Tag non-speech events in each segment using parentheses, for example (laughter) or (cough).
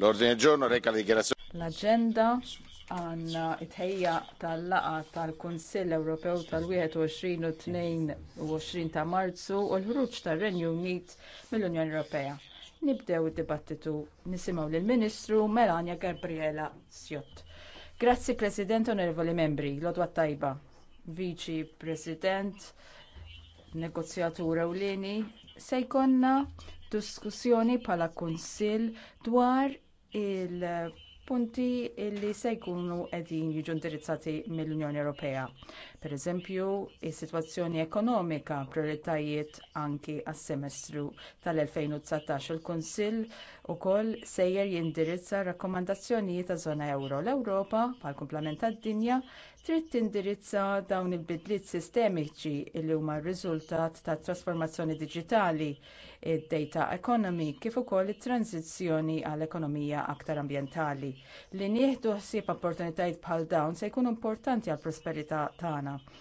L-ordine giorno reca la dichiarazione. L'agenda għanna it-ħejja tal-laqa tal-Kunsill Ewropew tal-21 u 22 ta' Marzu u l-ħruġ tar-Renju Unit mill-Unjoni Ewropea. Nibdew id-dibattitu nisimgħu lill-Ministru Melania Gabriela Sjott. Grazzi President onorevoli membri, l-odwa tajba, Viċi President, negozjatur ewlieni, se jkollna diskussjoni bħala kunsill dwar il-punti li se jkunu qegħdin jiġu indirizzati mill-Unjoni Ewropea. Pereżempju, is-sitwazzjoni ekonomika prioritajiet anki għas-semestru tal-2019 il-Kunsill ukoll sejjer jindirizza r rakkomandazzjonijiet ta' żona euro. L-Ewropa bħal kumplament tad-dinja trid tindirizza dawn il-bidliet sistemiċi li huma r-riżultat tat trasformazzjoni diġitali, id-data economy kif ukoll it-tranzizzjoni għall ekonomija aktar ambjentali. Li nieħdu ħsieb opportunitajiet bħal dawn se jkunu importanti għall prosperità tagħna tagħna.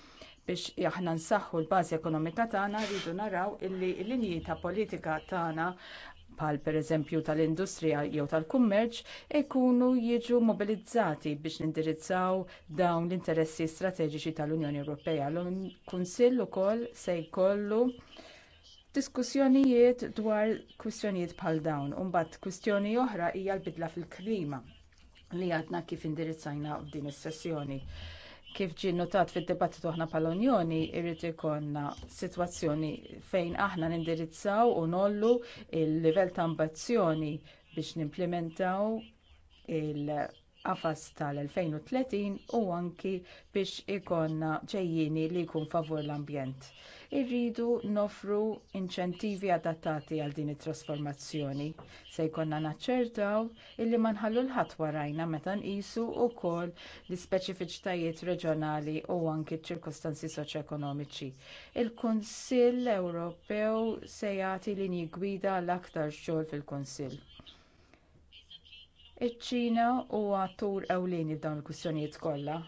Biex aħna nsaħħu l-bażi ekonomika tagħna rridu naraw illi l-linji ta' politika tagħna bħal pereżempju tal-industrija jew tal-kummerċ ikunu jiġu mobilizzati biex nindirizzaw dawn l-interessi strateġiċi tal-Unjoni Ewropea. L-Kunsill ukoll se jkollu diskussjonijiet dwar kwistjonijiet bħal dawn u mbagħad kwistjoni oħra hija l-bidla fil-klima li għadna kif indirizzajna f'din is-sessjoni kif ġie notat fid-dibattitu aħna bħala unjoni irrid ikollna sitwazzjoni fejn aħna nindirizzaw u nollu l livell ta' ambizzjoni biex nimplementaw il-qafas tal-2030 u anki biex ikollna ġejjieni li jkun favur l-ambjent irridu nofru inċentivi adattati għal din it-trasformazzjoni. Se jkollna naċċertaw illi ma nħallu l-ħadd warajna meta nqisu wkoll l-ispeċifiċitajiet reġjonali u anki ċ-ċirkostanzi soċjoekonomiċi. Il-Kunsill Ewropew se jagħti linji gwida l-aktar xogħol fil-Kunsill iċ-ċina huwa attur ewlieni f'dawn il-kwistjonijiet kollha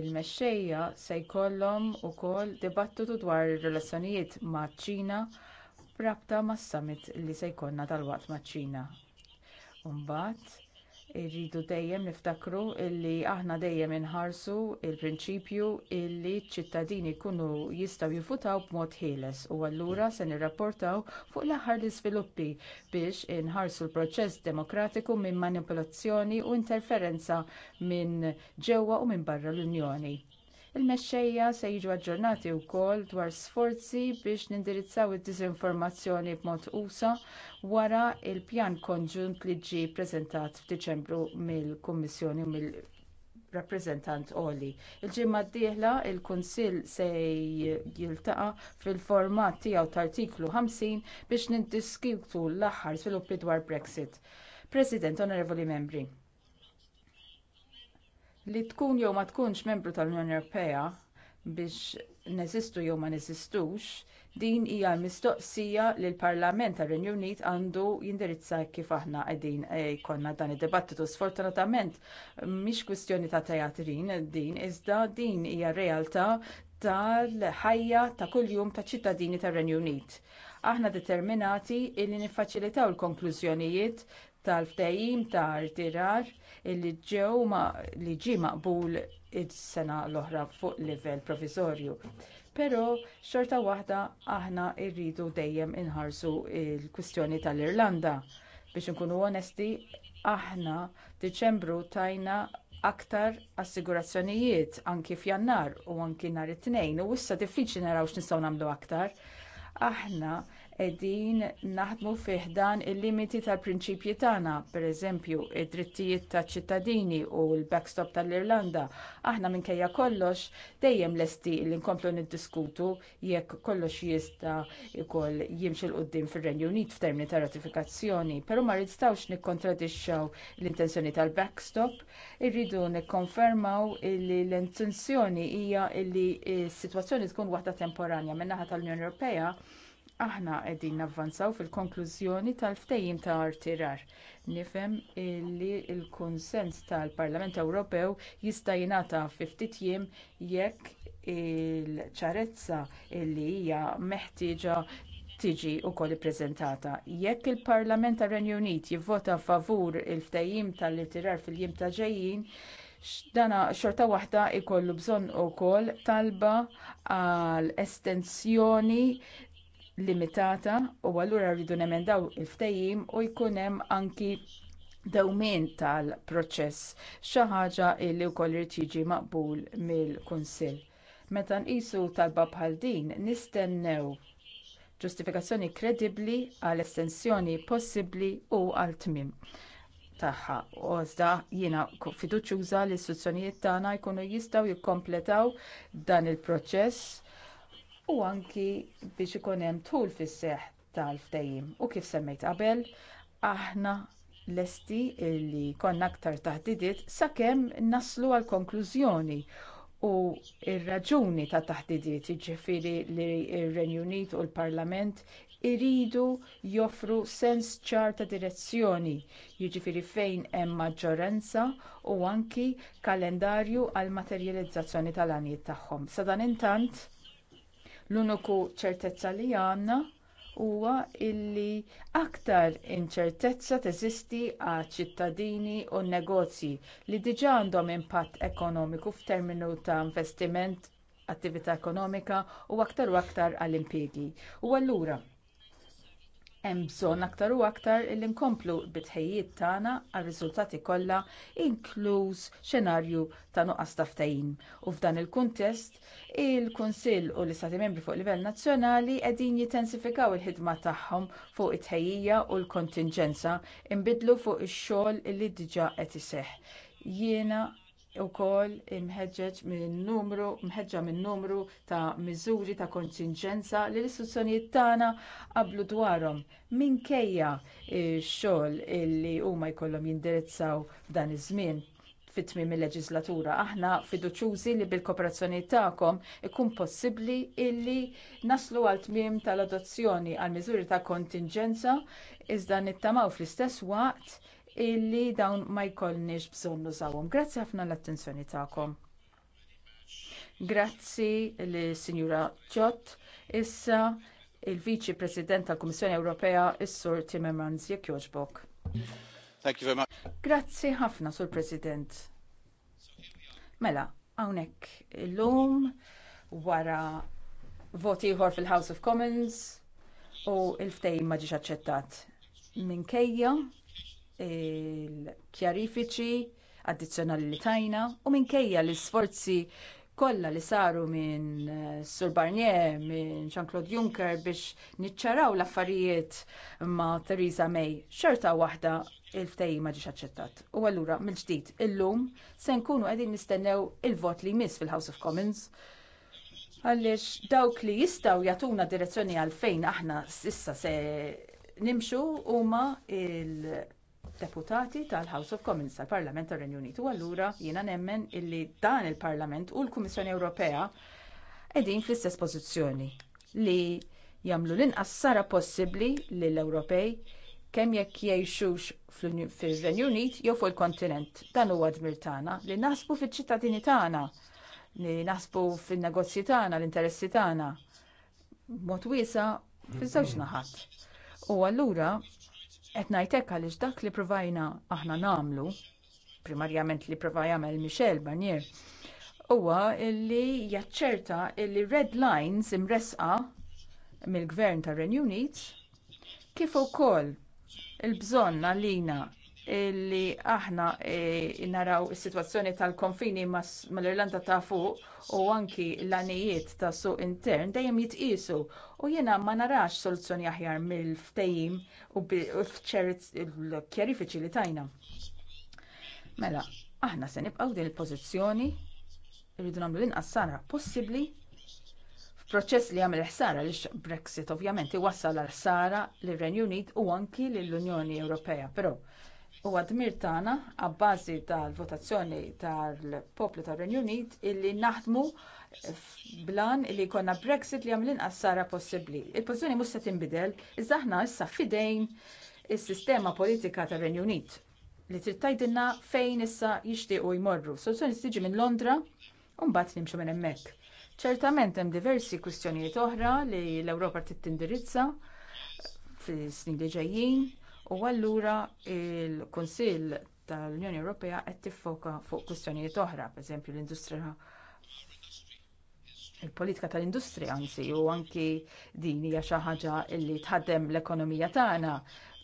il-mexxejja se jkollhom ukoll dibattitu dwar ir-relazzjonijiet maċ-ċina b'rabta mas-summit li se jkollna tal-waqt maċ-ċina mbagħad Irridu dejjem niftakru li aħna dejjem inħarsu l prinċipju li ċ-ċittadini jkunu jistgħu jivvutaw b'mod ħieles u allura se nirrapportaw fuq l-aħħar l-iżviluppi biex inħarsu l-proċess demokratiku minn manipolazzjoni u interferenza minn ġewwa u minn barra l-Unjoni. Il-mexxejja se jiġu aġġornati wkoll dwar sforzi biex nindirizzaw id-diżinformazzjoni b'mod usa wara l pjan konġunt li ġie ppreżentat f'Diċembru mill-Kummissjoni u mill rappreżentant Oli. Il-ġimma d-dieħla il-Kunsill se jiltaqa fil-format tiegħu ta' artiklu 50 biex nindiskikutu l-aħħar sviluppi dwar Brexit. President, onorevoli membri, li tkun jew ma tkunx membru tal-Unjoni Ewropea biex neżistu jew ma neżistux, din hija mistoqsija li l-Parlament tar-Renju Unit għandu jindirizza kif aħna qegħdin jkollna eh, dan id-dibattitu. Sfortunatament mhix kwistjoni ta' teatrin din iżda din hija realtà tal-ħajja ta' kuljum taċ ċittadini tar-Renju Unit aħna determinati li niffaċilitaw il-konklużjonijiet tal-ftehim ta' irtirar illi ġew li ġie maqbul is-sena l-oħra fuq livell proviżorju. Però xorta waħda aħna rridu dejjem inħarsu l kwistjoni tal-Irlanda. Biex inkunu onesti, aħna Diċembru tajna aktar assigurazzjonijiet anki f'Jannar u anki nhar it-Tnejn u issa diffiċli naraw x'nistgħu nagħmlu aktar. Aħna qegħdin naħdmu fi ħdan il-limiti tal-prinċipji tagħna, pereżempju id-drittijiet taċ-ċittadini u l-backstop tal-Irlanda. Aħna minkejja kollox dejjem lesti li nkomplu niddiskutu jekk kollox jista' jkoll jimxi l qudiem fir-Renju Unit f'termini ta' ratifikazzjoni, però ma ristgħux nikkontradixxew l-intenzjoni tal-backstop, irridu nikkonfermaw li l-intenzjoni hija li s-sitwazzjoni tkun waħda temporanja min-naħa tal-Unjoni Ewropea aħna qegħdin navvanzaw fil-konklużjoni tal-ftehim ta' irtirar nifhem li l-kunsens tal-parlament ewropew jista' jingħata fi ftit jiem jekk il-ċarezza li hija meħtieġa tiġi wkoll ippreżentata. Jekk il-Parlament tar-Renju Unit jivvota favur il-ftehim tal-irtirar fil-jiem ta' ġejjin, dana xorta waħda jkollu bżonn ukoll talba għal estensjoni limitata u allura rridu nemendaw il-ftehim u jkun hemm anki dewmien tal-proċess xi ħaġa li wkoll irid jiġi maqbul mill-kunsill. Meta nqisu talba bħal din nistennew ġustifikazzjoni kredibbli għal estensjoni possibbli u għal tmiem tagħha. Għożda jiena fiduċjuża li l-istituzzjonijiet tagħna jkunu jistgħu jikkompletaw dan il-proċess u anki biex ikun hemm tul fis-seħħ tal-ftehim. U kif semmejt qabel, aħna lesti li konna aktar taħdidiet sakemm naslu għal konklużjoni u r-raġuni ta' taħdidiet jiġifieri li r-Renju Unit u l-Parlament iridu joffru sens ċar ta' direzzjoni, jiġifieri fejn hemm maġġoranza u anki kalendarju għall materjalizzazzjoni tal-għanijiet tagħhom. Sa dan intant L-uniku ċertezza li għandna huwa li aktar inċertezza teżisti għal ċittadini u n negozji li diġà għandhom impatt ekonomiku f'terminu ta' investiment, attività ekonomika u aktar u aktar għall impjiegi U allura hemm bżonn aktar u aktar li nkomplu bit-tħejjiet tagħna għar-riżultati kollha inkluż xenarju ta' nuqqas ta' ftehim. U f'dan il-kuntest, il-Kunsill u l-Istati Membri fuq livell nazzjonali qegħdin jintensifikaw il-ħidma tagħhom fuq it-tħejjija u l-kontinġenza imbidlu fuq ix-xogħol li diġà qed iseħħ. Jiena kol imħedġeġ minn numru mħeġġa minn numru ta' miżuri ta' kontingenza li l istruzzjonijiet tagħna qablu dwarhom minkejja x-xogħol li huma jkollhom jindirizzaw f'dan iż-żmien fit-tmiem il-leġislatura. Aħna fiduċjużi li bil-kooperazzjoni tagħkom ikun possibbli illi naslu għal tmiem tal-adozzjoni għal miżuri ta' kontingenza iżda nittamaw fl-istess waqt illi dawn ma jkollniex bżonn nużawhom. Grazzi ħafna l-attenzjoni tagħkom. Grazzi l-Sinjura Ġott. Issa il-Viċi President tal-Kummissjoni Ewropea, is-Sur Timmermans, jekk jogħġbok. Thank you very much. Grazzi ħafna, Sur President. Mela, hawnhekk illum wara voti ħor fil-House of Commons u l ftehim ma ġiex aċċettat minkejja il-kjarifiċi addizzjonali li tajna u minkejja l-isforzi kollha li saru minn eh, Sur Barnier, minn Jean-Claude Juncker biex niċċaraw l-affarijiet ma' Theresa May. Xorta waħda il-ftejji ma ġiex aċċettat. U allura mill-ġdid illum se nkunu qegħdin nistennew il-vot li jmiss fil-House of Commons għaliex dawk li jistgħu jagħtuna direzzjoni għal fejn aħna s'issa se nimxu huma il- deputati tal-House of Commons tal-Parlament tar renju Unitu. Allura jiena nemmen illi dan il-Parlament u l-Kummissjoni Ewropea qegħdin fl-istess pożizzjoni li jagħmlu l-inqas sara possibbli lill-Ewropej kemm jekk jgħixux fir-Renju Unit jew fuq il-kontinent. Dan huwa dmir tagħna li naħsbu fiċ-ċittadini tagħna, li naħsbu fin-negozji tagħna, l-interessi tagħna. Mod wiesa' fiż-żewġ naħat. U allura Qed ngħid għaliex dak li provajna aħna nagħmlu, primarjament li prova jagħmel Michel Barnier, huwa li jaċċerta li red lines imresqa mill-gvern tar-Renju Unit kif ukoll il-bżonn lina li aħna e, naraw is-sitwazzjoni tal-konfini mal-Irlanda ta' fuq u anki l-anijiet ta' suq intern dejjem jitqisu u jiena ma narax soluzzjoni aħjar mill-ftejim u b'ċerifiċi li tajna. Mela, aħna se nibqgħu din il-pożizzjoni irridu nagħmlu l-inqas sara possibbli f'proċess li għamil ħsara li Brexit ovvjament iwassal għal ħsara lir renju Unit u anki lill-Unjoni Ewropea, però U għadmir tagħna għabbażi tal-votazzjoni tal-poplu tar-Renju Unit illi naħdmu blan illi jkollna Brexit li għamlin għassara possibbli. il pożjoni mhux se tinbidel, iżda aħna issa fidejn is-sistema politika tar-Renju Unit li trid tgħidilna fejn issa jixtiequ jmorru. Soluzzjoni tiġi minn Londra u mbagħad nimxu minn hemmhekk. Ċertament hemm diversi kwistjonijiet oħra li l-Ewropa trid tindirizza fis-snin li ġejjin U allura l kunsill tal-Unjoni Ewropea qed tiffoka fuq kwistjonijiet oħra, pereżempju l-industrija il-politika tal-industrija anzi u anki din hija xi ħaġa li tħaddem l-ekonomija tagħna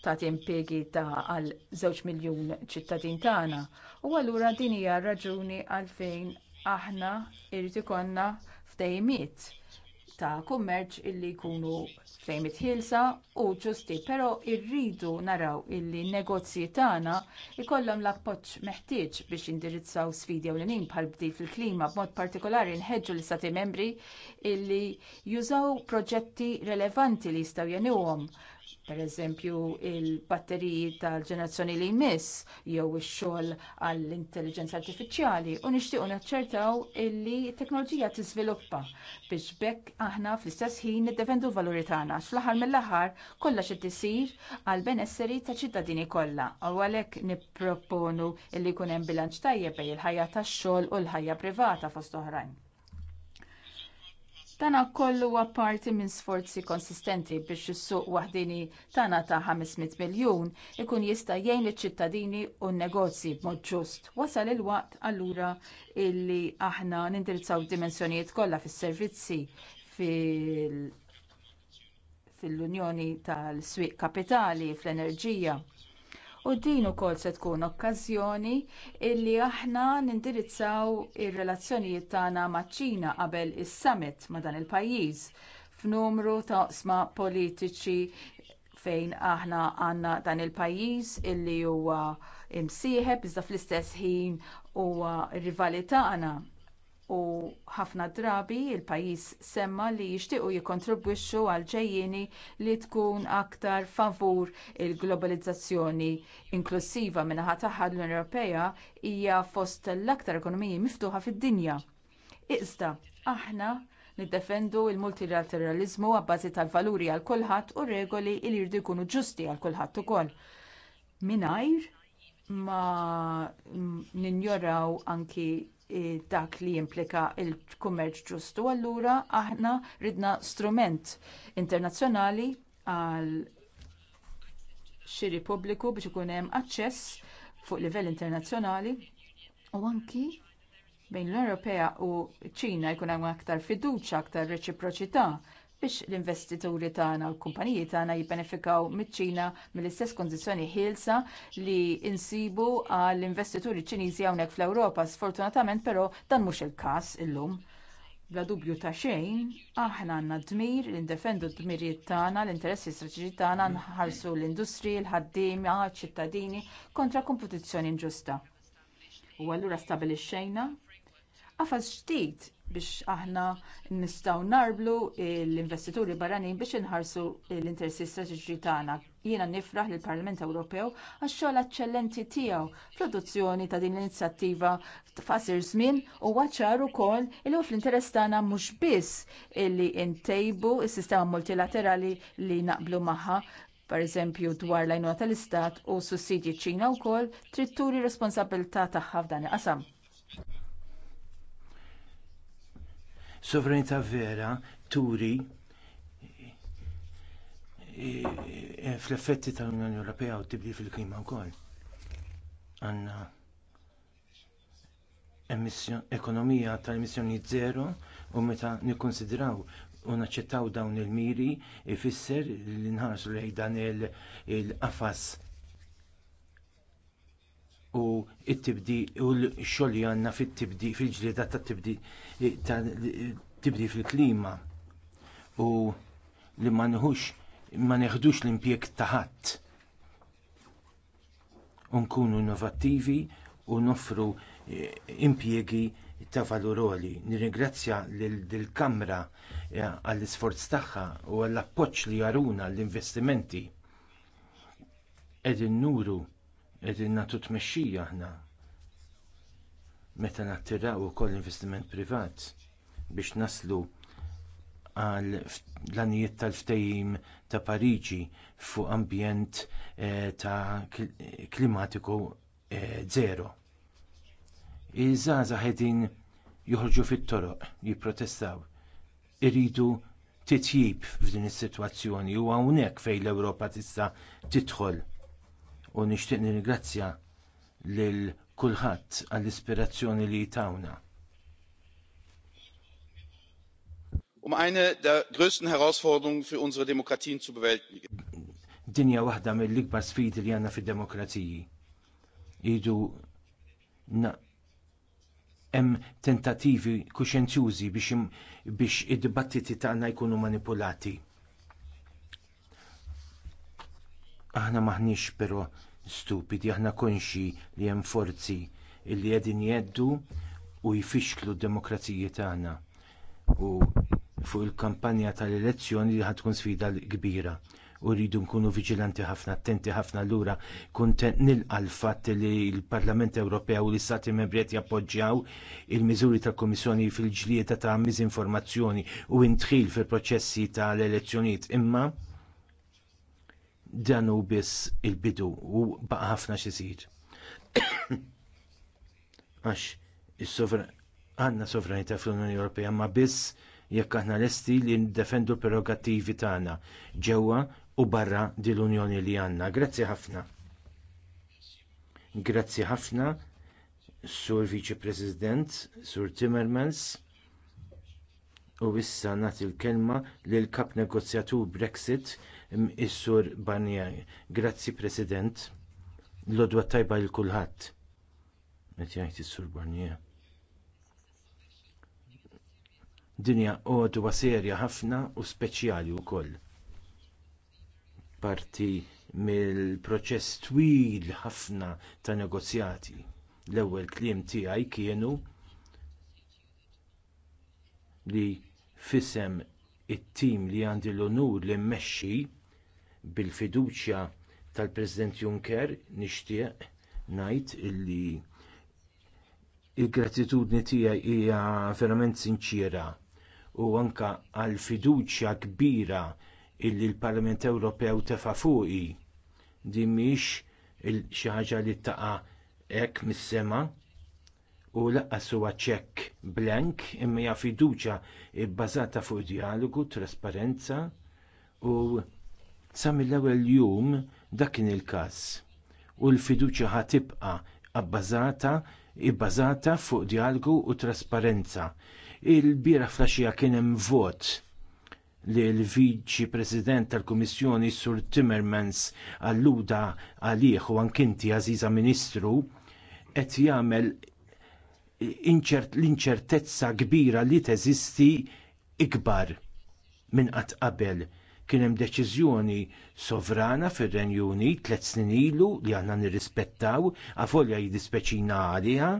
tagħti impjiegi ta' għal żewġ miljun ċittadin tagħna. U allura din hija r raġuni għalfejn aħna jrid ikollna ftehimiet ta' kummerċ illi jkunu fejn ħilsa u ġusti, però rridu naraw illi n negozji tagħna jkollhom l-appoġġ meħtieġ biex indirizzaw sfidi ewlenin bħal bdiet fil-klima b'mod partikolari nħeġġu l istati membri illi jużaw proġetti relevanti li jistgħu jenuhom pereżempju il-batteriji tal-ġenerazzjoni li jmiss jew ix-xogħol għall-intelligenza artifiċjali u nixtiequ naċċertaw illi t-teknoloġija tiżviluppa biex bekk aħna fl-istess ħin niddefendu l-valuri tagħna fl-aħħar mill-aħħar kollha xi tisir għall benesseri taċ ċittadini kollha u għalhekk nipproponu illi jkun hemm bilanċ tajjeb bejn il-ħajja tax-xogħol u l-ħajja privata fost oħrajn. Dana kollu huwa parti minn sforzi konsistenti biex is-suq waħdini tagħna ta' 500 miljun ikun jista' jgħin liċ-ċittadini u n-negozji b'mod ġust. Wasal il-waqt allura illi aħna nindirizzaw dimensjonijiet kollha fis-servizzi fil- fil-Unjoni tal-Swieq Kapitali fl-Enerġija u din ukoll se tkun okkażjoni illi aħna nindirizzaw ir-relazzjonijiet tagħna maċ-Ċina qabel is-summit ma' dan il-pajjiż f'numru ta' oqsma politiċi fejn aħna għandna dan il-pajjiż illi huwa imsieħeb iżda fl-istess ħin huwa rivali tagħna u ħafna drabi il-pajjiż semma li jixtiequ jikkontribwixxu għal ġejjieni li tkun aktar favur il-globalizzazzjoni inklusiva min-naħa tagħha l-Unjoni Ewropea hija fost l-aktar ekonomiji miftuħa fid-dinja. Iżda aħna niddefendu l multilateraliżmu għabbażi tal-valuri għal kulħadd u regoli li jridu jkunu ġusti għal kulħadd ukoll. Mingħajr ma ninjoraw anki dak li jimplika l kummerċ ġustu, allura aħna ridna strument internazzjonali għal xiri pubbliku biex ikun hemm aċċess fuq livell internazzjonali u anki bejn l-Ewropea u ċ-Ċina jkun hemm aktar fiduċja, aktar reċiproċità biex l-investituri tagħna u l-kumpaniji tagħna jibbenefikaw miċ-Ċina mill-istess kondizzjoni ħielsa li insibu għall investituri Ċiniżi hawnhekk fl-Ewropa. Sfortunatament però dan mhux il-każ illum. Bla dubju ta' xejn, aħna għandna dmir li ndefendu d-dmirijiet tagħna, l-interessi strateġiċi tagħna nħarsu l-industri, l-ħaddiema, ċittadini kontra kompetizzjoni inġusta. U allura stabilixxejna qafas ġdid biex aħna nistgħu narblu l-investituri barranin biex inħarsu l-interessi strateġiċi tagħna. Jiena nifraħ lill parlament Ewropew għax-xogħol eċċellenti tiegħu produzzjoni ta' din l-inizjattiva f'qasir żmien u waċar ukoll il hu fl-interess tagħna mhux biss illi ntejbu s-sistema multilaterali li naqblu magħha pereżempju dwar l-għajnuna tal-istat u sussidji ċina wkoll trid turi responsabilità tagħha f'dan il-qasam. Sovranità vera turi e, e, e, fl-effetti tal-Unjoni Ewropea u tibdil fil-klima wkoll. Għandna ekonomija tal-emissjoni zero u meta nikkonsidraw u naċċettaw dawn il-miri ifisser li nħarsu lejn dan il-qafas u t-tibdi u l-xogħol li għandna fit-tibdi fil-ġlieda tat-tibdi eh, tibdi fil-klima u li ma nħux ma neħdux l-impjeg ta' ħadd. U nkunu innovattivi u noffru eh, impjegi ta' valuroli. Nirringrazzja lill kamra eh, għall-isforz tagħha u għall-appoġġ li jaruna l-investimenti Edin nuru qegħdin nagħtu tmexxija aħna meta nattiraw ukoll investiment privat biex naslu għal l-anijiet tal ftejim ta' Pariġi fuq ambjent eh, ta' klimatiku eh, zero. Iż-żaza ħedin joħorġu fit-toroq, jipprotestaw. Iridu titjib f'din is-sitwazzjoni u hawnhekk fejn l-Ewropa tista' tidħol u nixtieq nirringrazzja lil kulħadd għall-ispirazzjoni li tawna. Um eine der größten Herausforderungen für unsere Demokratien zu bewältigen. Dinja waħda mill-ikbar sfidi li għandna fid-demokraziji. Idu na hemm tentativi kuxenzjużi biex id-dibattiti tagħna jkunu manipulati Aħna maħniex però stupidi, aħna konxi li hemm forzi li qegħdin jeddu u jfixklu d-demokrazija tagħna. U fuq il-kampanja tal-elezzjoni li ħatkun sfida kbira u rridu nkunu viġilanti ħafna, attenti ħafna lura ura kontent l-fatt li l-Parlament Ewropew u l-Istati Membri qed jappoġġjaw il-miżuri tal-Kummissjoni fil-ġlieda ta' miżinformazzjoni u ntħil fil-proċessi tal-elezzjonijiet imma dan hu biss il-bidu u baqa' ħafna xi jsir. (coughs) Għax għandna sovranità fl-Unjoni Ewropea ma biss jekk aħna lesti li ndefendu prerogattivi tagħna ġewwa u barra din l-Unjoni li għandna. Grazzi ħafna. Grazzi ħafna sur Viċi President, sur Timmermans, u issa nagħti l-kelma lil kap negozjatur Brexit is-sur Banja. Grazzi President. L-odwa tajba l kulħadd. Met jgħid is-sur Banja. Dinja għodwa serja ħafna u speċjali wkoll. Parti mill-proċess twil ħafna ta' negozjati. L-ewwel kliem tiegħi kienu li fisem it-tim li għandi l-onur li mmexxi bil-fiduċja tal-President Juncker nixtieq ngħid illi l gratitudni tiegħi hija verament sinċiera u anke għall fiduċja kbira illi l-Parlament Ewropew tefa' fuqi din mhix xi ħaġa li taqa' hekk mis-sema u laqqas huwa ċekk blank imma hija fiduċja bbażata fuq dijalogu, trasparenza u Sa mill-ewwel jum dak kien il-każ u l-fiduċja ħatibqa' abbażata ibbażata fuq dialogu u trasparenza. Il-bira flaxija kien hemm vot li l-Viċi President tal-Kummissjoni Sur Timmermans alluda għalih u ankinti għażiża Ministru qed jagħmel l-inċertezza kbira li teżisti ikbar minn qatt qabel kien hemm deċiżjoni sovrana fir-Renju Unit tliet snin ilu li għandna nirrispettaw għafolja jiddispeċina għaliha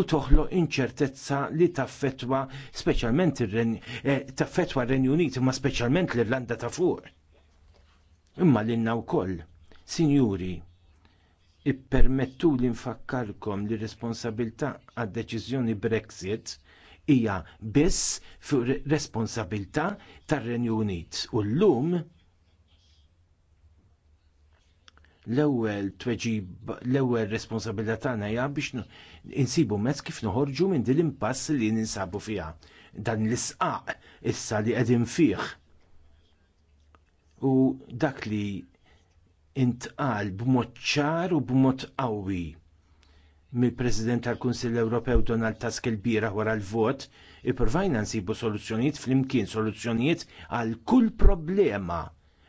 u toħloq inċertezza li taffetwa speċjalment eh, taffetwa r-Renju Unit imma speċjalment l-Irlanda ta' fuq. Imma l-inna wkoll, Sinjuri, ippermettu li nfakkarkom li responsabilità għad deċiżjoni Brexit hija biss fuq responsabilità tar-Renju Unit u llum l-ewwel tweġib l-ewwel responsabilità tagħna hija biex insibu mezz kif noħorġu minn din l-impass li ninsabu fiha. Dan l-isqaq issa li qegħdin fih. U dak li intqal b'mod ċar u b'mod qawwi mill-President tal-Kunsill Ewropew Donald Tusk il-bira wara l-vot, ippruvajna nsibu soluzzjonijiet flimkien soluzzjonijiet għal kull problema.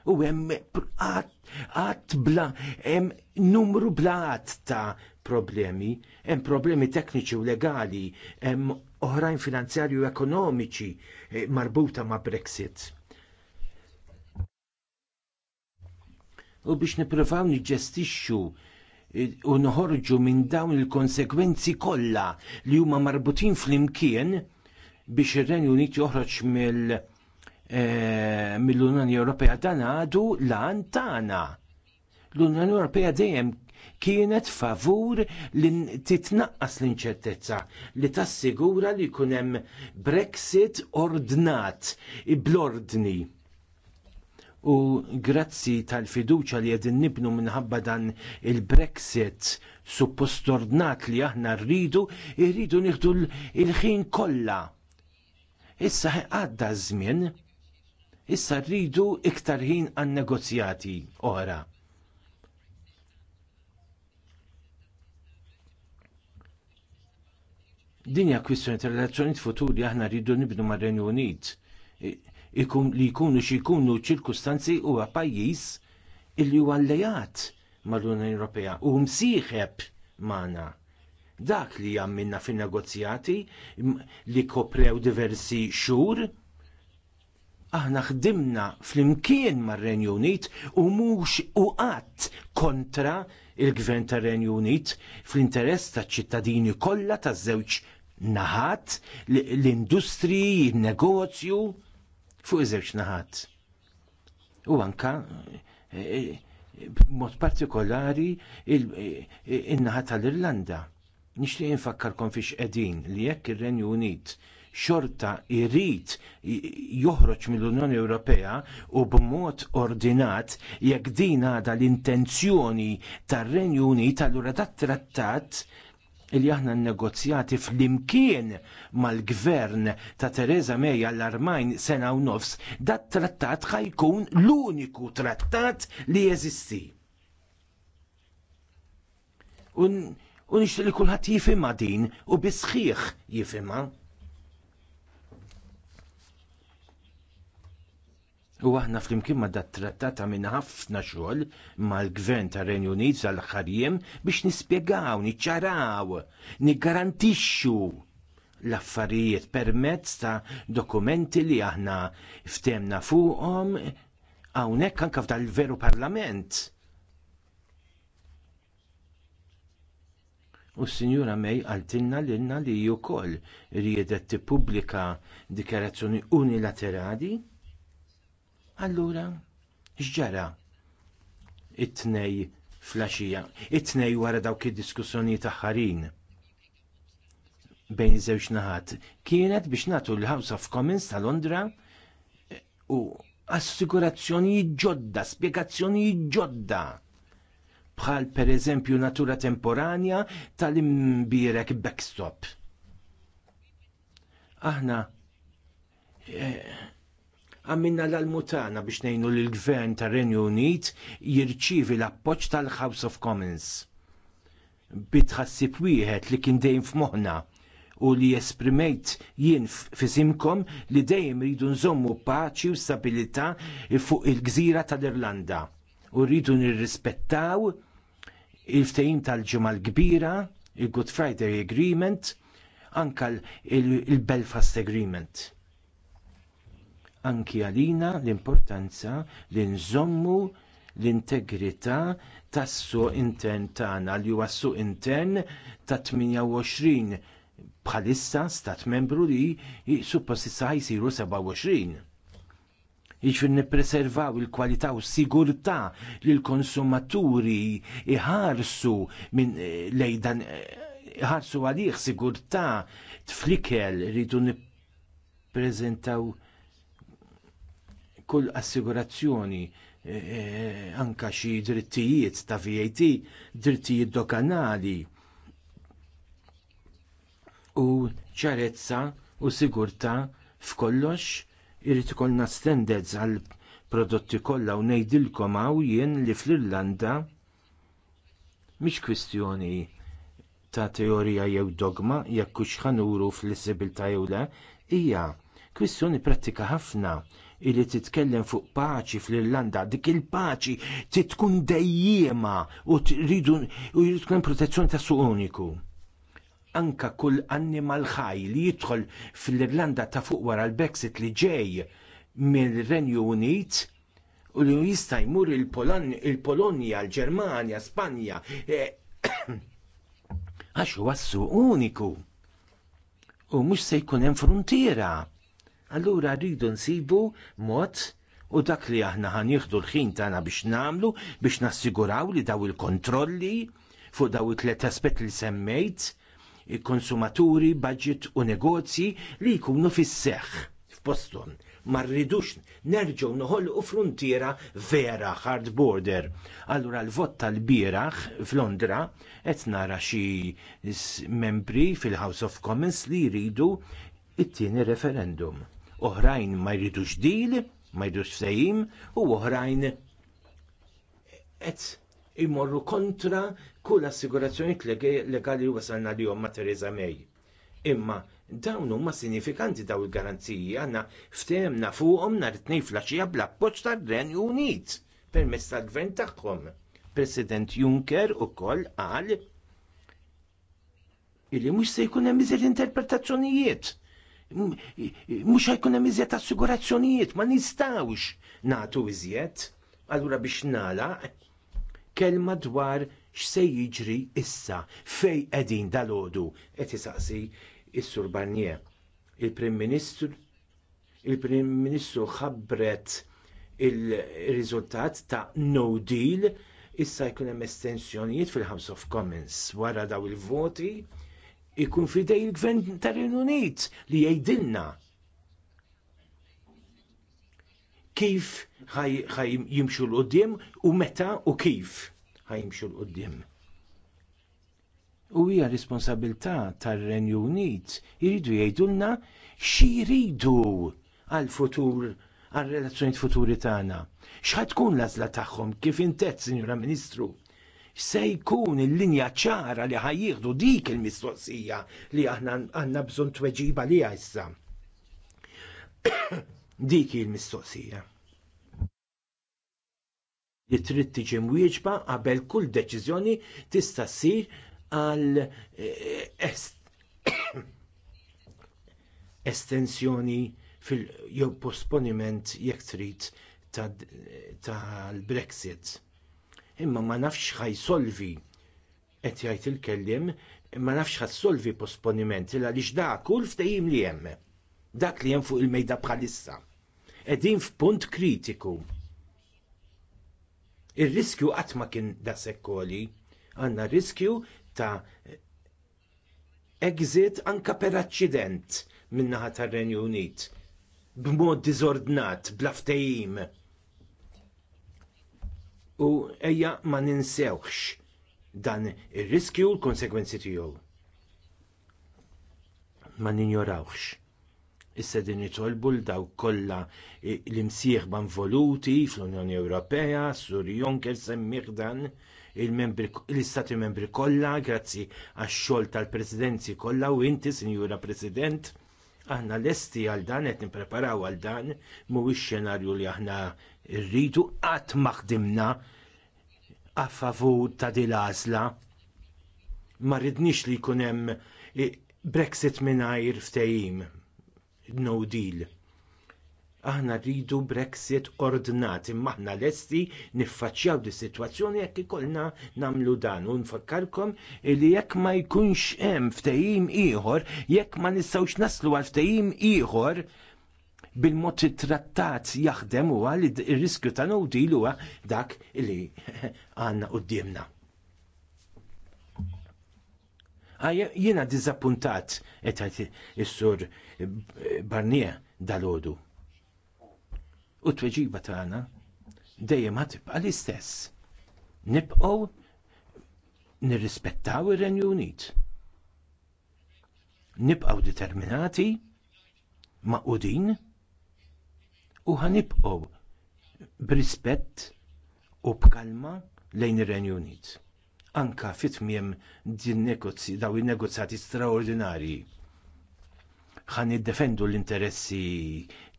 U hemm qatt bla hemm numru bla qatt ta' problemi, hemm problemi tekniċi u legali, hemm oħrajn finanzjarju u ekonomiċi eh, marbuta ma' Brexit. U biex nippruvaw niġġestixxu u nħorġu minn dawn il-konsekwenzi kollha li huma marbutin flimkien biex ir-Renju Unit joħroġ mill- eh, unjoni Ewropea dan għadu lan tagħna. L-Unjoni Ewropea dejjem kienet favur li titnaqqas l-inċertezza li tassigura li jkun hemm Brexit ordnat, blordni. ordni u grazzi tal-fiduċa li qegħdin nibnu minħabba dan il-Brexit suppostordnat li aħna rridu, irridu nieħdu l-ħin kollha. Issa għadda żmien, issa rridu iktar ħin għan negozjati oħra. Dinja kwistjoni tal relazzjonijiet futuri aħna rridu nibnu mar-Renju Unit ikum li jkunu xi jkunu ċirkustanzi huwa pajjiż illi huwa allejat mal-Unjoni Ewropea u msieħeb magħna. Dak li jamminna fin negozjati li koprew diversi xhur, aħna ħdimna flimkien mar-Renju Unit u mhux u qatt kontra il-Gvern tar-Renju Unit fl-interess taċ-ċittadini kollha taż-żewġ naħat l-industri, il-negozju fuq iż-żewġ naħat. U anka e, e, b'mod partikolari il e, naħa tal-Irlanda. Nixtieq infakkarkom fiex qegħdin li jekk ir-Renju Unit xorta jrid joħroġ mill-Unjoni Ewropea u b'mod ordinat jekk din għadha l-intenzjoni tar-Renju Unit allura dat trattat Il aħna negozjati fl-imkien mal-gvern ta' Tereza May għall-armajn sena u nofs, dat trattat ħajkun l-uniku trattat li jeżisti. Un, un li kullħat jifima din u bisħiħ jifima. U aħna flimkien ma dat trattat għamilna ħafna xogħol mal-gvern tar Renju Unit sal ħarjem biex nispjegaw, niċċaraw, niggarantixxu l-affarijiet permezz ta' dokumenti li aħna ftemna fuqhom hawnhekk anke f'dal veru parlament. U s-Sinjura May għaltilna l-inna li jukoll koll riedet tippubblika dikjarazzjoni unilaterali Allura, x'ġara? It-tnej flasġija, it-tnej wara dawk id-diskussjoni taħħarin bejn iż-żewġ naħat kienet biex nagħtu l-House of Commons ta' Londra eh, u assigurazzjoni ġodda, spjegazzjonijiet ġodda bħal pereżempju natura temporanja tal-imbirek backstop. Aħna eh, għamminna l-almutana biex nejnu l-gvern tar renju Unit jirċivi l-appoċ tal-House of Commons. Bitħassib wieħed li kien dejjem f'moħħna u li esprimejt jien fisimkom li dejjem rridu nżommu paċi u stabilità fuq il-gżira tal-Irlanda u rridu nirrispettaw il-ftehim tal-ġimgħa l-kbira, il-Good Friday Agreement, anka il-Belfast Agreement anki għalina l-importanza li nżommu l-integrità tas-suq intern tagħna li huwa suq intern ta' 28 bħalissa stat membru li suppost issa jsiru 27. Jiġifieri nippreservaw il-kwalità u s-sigurtà li l-konsumaturi iħarsu minn eh, lejdan eh, iħarsu għalih sigurtà tflikel rridu nippreżentaw kull assigurazzjoni eh, eh, anka xi drittijiet ta' VAT, drittijiet dokanali. u ċarezza u sigurtà f'kollox irid ikollna standards għal prodotti kollha u ngħidilkom hawn jien li fl-Irlanda mhix kwistjoni ta' teorija jew dogma jekk hux ħanuru fl-isibilità jew le hija kwistjoni prattika ħafna illi titkellem fuq paċi fl-Irlanda, dik il-paċi titkun dejjema u tridu u jridu protezzjoni ta' suq uniku anka kull animal ħaj li jidħol fl-Irlanda ta' fuq wara l-Brexit li ġej mill-Renju Unit u li jista' jmur il-Polonja, l-Ġermanja, Spanja. E- (coughs) għax huwa suq uniku. U mhux se jkun hemm fruntiera allura rridu nsibu mod u dak li aħna ħan jieħdu l-ħin tagħna biex nagħmlu biex nassiguraw li daw il-kontrolli fuq daw it-tlet aspett li semmejt konsumaturi, budget u negozji li jkunu fis-seħħ f'posthom. Ma rridux nerġgħu noħolqu frontiera vera hard border. Allura l-vot tal-bieraħ f'Londra qed nara xi membri fil-House of Commons li jridu it-tieni referendum oħrajn ma jridux dil, ma jridux sejim, u oħrajn etz imorru kontra kull assigurazzjoni legali wasalna li ma Theresa May. Imma dawn huma sinifikanti daw il-garanziji għandna ftehemna fuqhom nhar it flaxija bl-appoġġ tar-Renju Unit permess tal-gvern tagħhom. President Juncker ukoll qal illi mhux se jkun hemm iżel interpretazzjonijiet mhux ħajkun hemm iżjed assigurazzjonijiet, ma nistawx nagħtu iżjed. Allura biex nagħlaq kelma dwar x'se jiġri issa fejn qegħdin dalodu qed isaqsi is sur Barnier. Il-Prim Ministru il-Prim Ministru ħabbret il-riżultat ta' no deal issa jkun hemm estensjonijiet fil-House of Commons wara daw il-voti ikun fidej il-gvern tar-Renju Unit li jgħidilna kif ħaj jimxu l-qoddim u meta u kif ħaj jimxu l-qoddim. U hija responsabilità tar-Renju Unit jridu jgħidulna xiridu għal-futur għal relazzjonijiet futuri tagħna. X'ħad tkun l-għażla tagħhom kif intett, Sinjura Ministru? se jkun il-linja ċara li ħajjieħdu dik il-mistoqsija li aħna għanna bżonn tweġiba li issa. (coughs) dik il-mistoqsija. Li trid tiġi mwieġba qabel kull deċiżjoni tista' ssir għal eh, (coughs) estensjoni fil-jew posponiment jekk trid tal-Brexit. Ta imma ma nafx ħajsolvi qed jgħid il-kelliem ma nafx ħassolvi posponiment illa għaliex da kull ftehim li hemm. Dak li hemm fuq il-mejda bħalissa. Qegħdin f'punt kritiku. Ir-riskju qatt ma kien da sekkoli. għanna riskju ta' exit anka per aċċident min-naħa tar-Renju Unit b'mod diżordnat, bla ftehim u ejja ma ninsewx dan ir-riskju u l-konsekwenzi tiegħu. Ma ninjorawx. Issa din jitolbu l daw kollha l-imsieħba voluti fl-Unjoni Ewropea, Sur Juncker semmih dan l-istati membri kollha grazzi għax-xogħol tal-presidenzi kollha u inti, Sinjura President, Aħna lesti għal dan qed nippreparaw għal dan mhuwiex xenarju li aħna rridu qatt ma ħdimna a favur ta' din l-għażla. Ma rridniex li jkun hemm Brexit mingħajr ftehim, no deal aħna rridu Brexit ordnat, imma aħna lesti niffaċċjaw di situazzjoni jekk ikollna nagħmlu dan u nfakkarkom li jekk ma jkunx hemm ftehim ieħor, jekk ma nistgħux naslu għal ftehim ieħor bil-mod trattat jaħdem huwa li r-riskju ta' no huwa dak li (laughs) għandna qudiemna. Ah, jiena diżappuntat qed is-sur Barnier dal U t-tweġiba tagħna dejjem ma tibqa' l-istess. Nibqgħu nirrispettaw ir-Renju Unit. Nibqgħu determinati qudin u ħanibqgħu b'rispett u b'kalma lejn ir-Renju Unit. Anka fit miem din negozji daw in-negozjati straordinarji ħan niddefendu l-interessi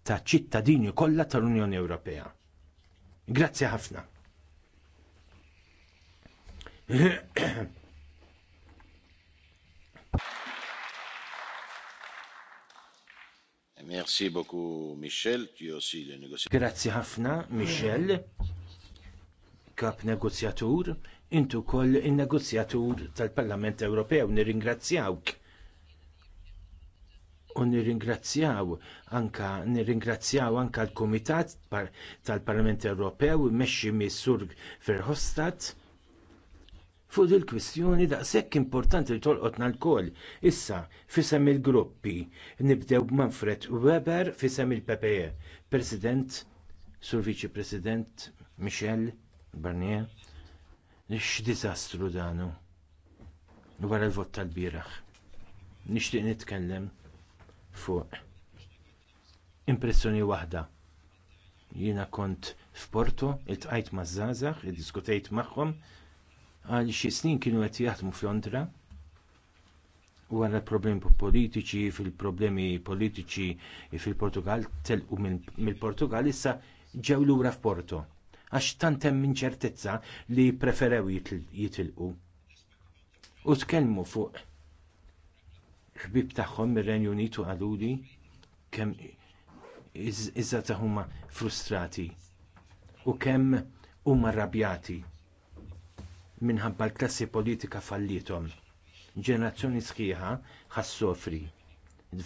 ta' ċittadini kollha tal-Unjoni Ewropea. Grazzi ħafna. Merci beaucoup Michel, tu aussi le négociateur. Grazzi ħafna Michel, kap negozjatur, intu koll il-negozjatur tal-Parlament Ewropew, nirringrazzjawk u nirringrazzjaw anka nirringrazzjaw anka l-Kumitat tal-Parlament Ewropew immexxi mis-Sur Verhofstadt fuq il-kwistjoni daqshekk importanti li tolqotna lkoll. Issa fisem il-gruppi nibdew Manfred Weber fisem il-PPE, President, Sur Viċi President Michel Barnier. X'diżastru danu wara l-vot tal-bieraħ. Nixtieq nitkellem fuq impressjoni waħda. Jiena kont f'Porto, iltqajt ma' żgħażagħ, iddiskutejt magħhom għal xi snin kienu qed jaħdmu f'Londra u għal problemi politiċi fil-problemi politiċi fil-Portugal telqu mill-Portugal issa ġew lura f'Porto għax tant hemm ċertezza li preferew jitilqu. U tkellmu fuq ħbib tagħhom mir-Renju Unitu għaluli kemm iżda huma frustrati u kemm huma rabjati minħabba l-klassi politika fallithom. Ġenerazzjoni sħiħa ħassofri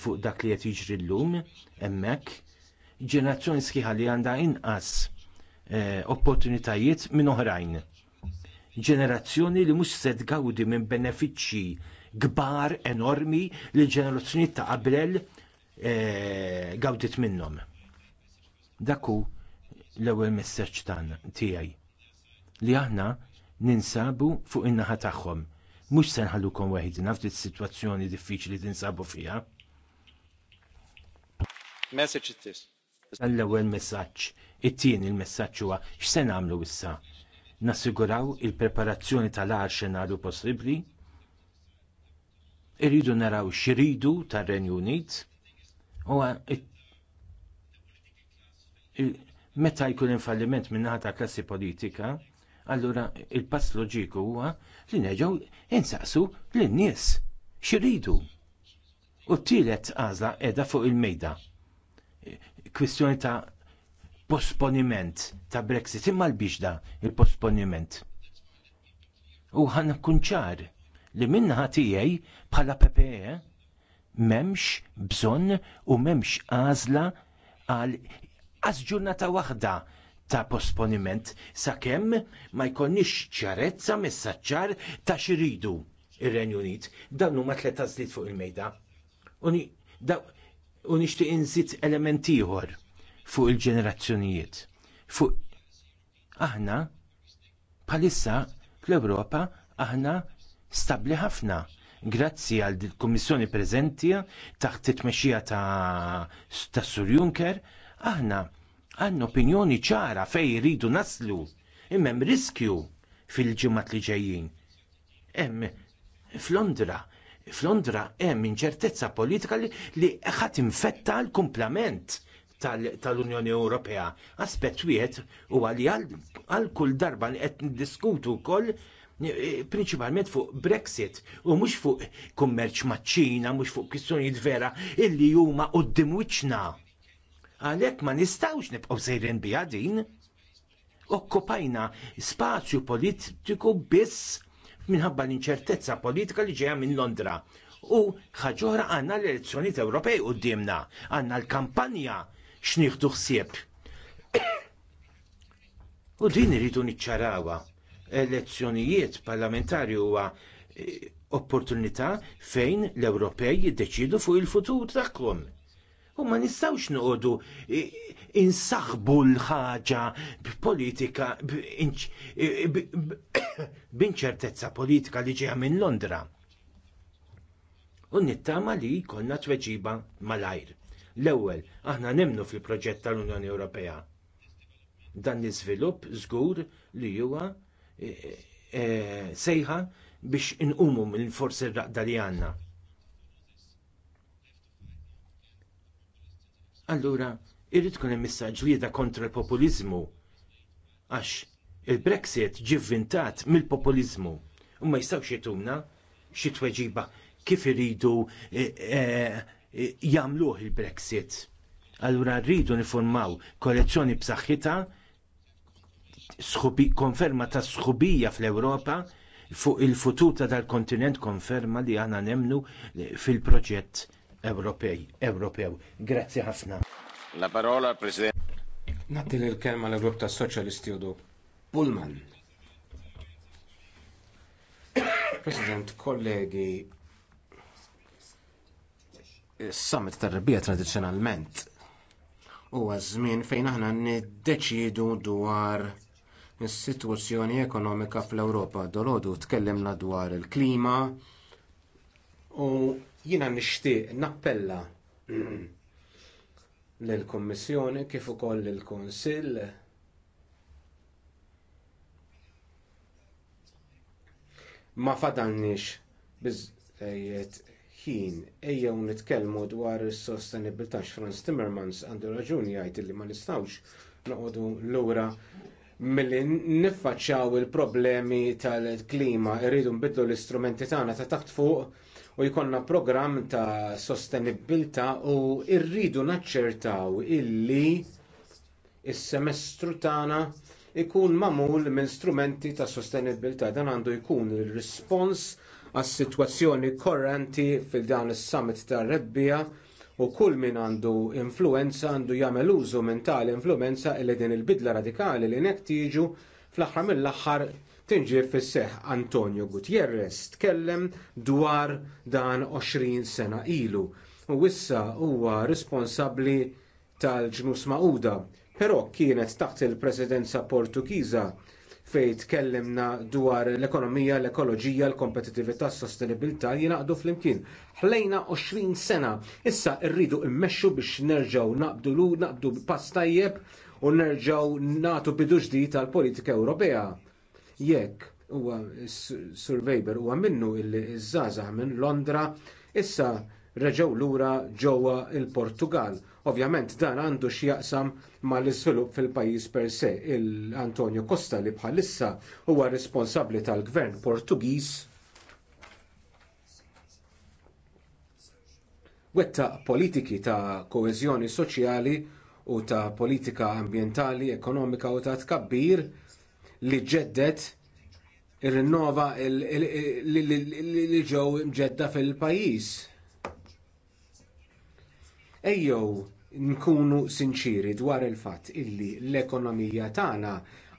fuq dak li qed jiġri llum hemmhekk, ġenerazzjoni sħiħa li għandha inqas eh, opportunitajiet minn oħrajn ġenerazzjoni li mhux se tgawdi minn benefiċċji kbar enormi li l-ġenerazzjoni ta' qabel eh, gawdit minnhom. Daku l-ewwel messaġġ tagħna tiegħi li aħna ninsabu fuq in-naħa tagħhom. Mhux se nħallukom waħedna ftit sitwazzjoni diffiċli tinsabu fiha. Message it is. Dan l-ewwel messaġġ. It-tieni il-messaġġ huwa x'se nagħmlu issa? Nassiguraw il-preparazzjoni tal-għar xenarju possibbli irridu naraw xiridu tar-Renju Unit u meta jkun hemm falliment min ta' klassi politika, allura il-pass loġiku huwa li neġgħu insaqsu lin-nies xiridu. U t-tielet għażla qiegħda fuq il-mejda. Kwistjoni ta' posponiment ta' Brexit imma l biġda il-posponiment. U ħanna kunċar ċar li minnaħa tiegħi bħala PPE m'hemmx bżonn u m'hemmx għażla għal għaz ġurnata waħda ta' posponiment sakemm ma jkollniex ċarezza messaċċar ta' xiridu ir-Renju Unit. Dan huma tleta' għażliet fuq il-mejda. U nixtieq inżid element ieħor fuq il-ġenerazzjonijiet. Fuq aħna bħalissa fl-Ewropa aħna stabbli ħafna grazzi għal kummissjoni preżenti taħt it-tmexxija ta' Sur Juncker, aħna għandna opinjoni ċara fejn jridu naslu. Imma hemm riskju fil-ġimgħat li ġejjin. Hemm f'Londra, f'Londra hemm inċertezza politika li ħadd infetta l-kumplament tal-Unjoni Ewropea. Aspett wieħed huwa li għal kull darba li qed niddiskutu wkoll prinċipalment fuq Brexit u mhux fuq kummerċ maċ-Ċina, mhux fuq kwistjonijiet vera illi huma qudiem wiċċna. Għalhekk ma nistgħux nibqgħu sejrin biha din. Okkupajna spazju politiku biss minħabba l-inċertezza politika li ġeja minn Londra. U ħaġora għanna l elezzjonijiet Ewropej u d-dimna, għanna l-kampanja xnieħdu ħsieb. (coughs) u din iridu niċċarawha elezzjonijiet parlamentari huwa eh, opportunità fejn l-Ewropej jiddeċidu fuq il-futur tagħhom. U ma nistawx noqogħdu eh, insaħbu l-ħaġa politika eh, (coughs) b'inċertezza politika li ġeha minn Londra. U nittama li jkollna tweġiba malajr. L-ewwel, aħna nemnu fil-proġett tal-Unjoni Ewropea. Dan l-iżvilupp żgur li huwa Eh, eh, sejħa biex inqumu minn forsi r-raqda li għandna. Allura, irrid tkun hemm messaġġ ġlieda kontra l-populiżmu għax il-Brexit ġie vvintat mill-populiżmu u ma jistgħux jituna xi tweġiba kif iridu eh, jagħmluh il-Brexit. Allura rridu nifurmaw kollezzjoni b'saħħitha konferma ta' sħubija fl-Ewropa fuq il-futur ta' kontinent konferma li għana nemnu fil-proġett Ewropej, Ewropew. Grazzi ħafna. La parola al President. l-kelma l-Grupp ta' Soċjalisti u Pullman. President, kollegi, summit tar-rebija tradizzjonalment huwa żmien fejn aħna niddeċiedu dwar is-sitwazzjoni ekonomika fl-Ewropa. Dolodu tkellimna dwar il-klima u jiena nixtieq nappella (clears throat) lill-Kummissjoni kif ukoll lill-Kunsill ma fadalniex biżżejjed ħin ejjew nitkellmu dwar is-sostenibilità x'Franz Timmermans għandu raġuni jgħid li ma nistgħux noqogħdu lura milli niffaċċjaw il-problemi tal-klima, irridu nbiddlu l-istrumenti tagħna ta' taħt fuq u jkollna programm ta' sostenibilità u rridu naċċertaw illi s semestru tagħna ikun magħmul minn strumenti ta' sostenibilità dan għandu jkun ir rispons għas-sitwazzjoni korranti fil-dan is-summit tar-rebbija u kull min għandu influenza għandu jagħmel użu minn tal-influenza li din il-bidla radikali li tiġu fl-aħħar mill-aħħar tinġir fis seħħ Antonio Gutierrez tkellem dwar dan 20 sena ilu u issa huwa responsabbli tal-ġnus Magħquda, però kienet taħt il-presidenza Portugiża fejn tkellimna dwar l-ekonomija, l-ekoloġija, l-kompetitività, s-sostenibilità fl flimkien. Ħlejna 20 sena, issa rridu mmexxu biex nerġgħu naqbdu lu, naqbdu pass tajjeb u nerġgħu nagħtu bidu ġdid tal-politika Ewropea. Jekk huwa Sur Weber huwa minnu illi ż żgħażagħ minn Londra issa reġgħu lura ġewwa l portugal Ovvjament dan għandu x'jaqsam mal-iżvilupp fil-pajjiż per se. Il-Antonio Costa li bħalissa huwa responsabbli tal-Gvern Portugiż wettaq politiki ta' koezjoni soċjali u ta' politika ambjentali, ekonomika u ta' tkabbir li ġeddet ir-rinnova li ġew mġedda fil-pajjiż Ejjew nkunu sinċiri dwar il-fatt illi l-ekonomija tagħna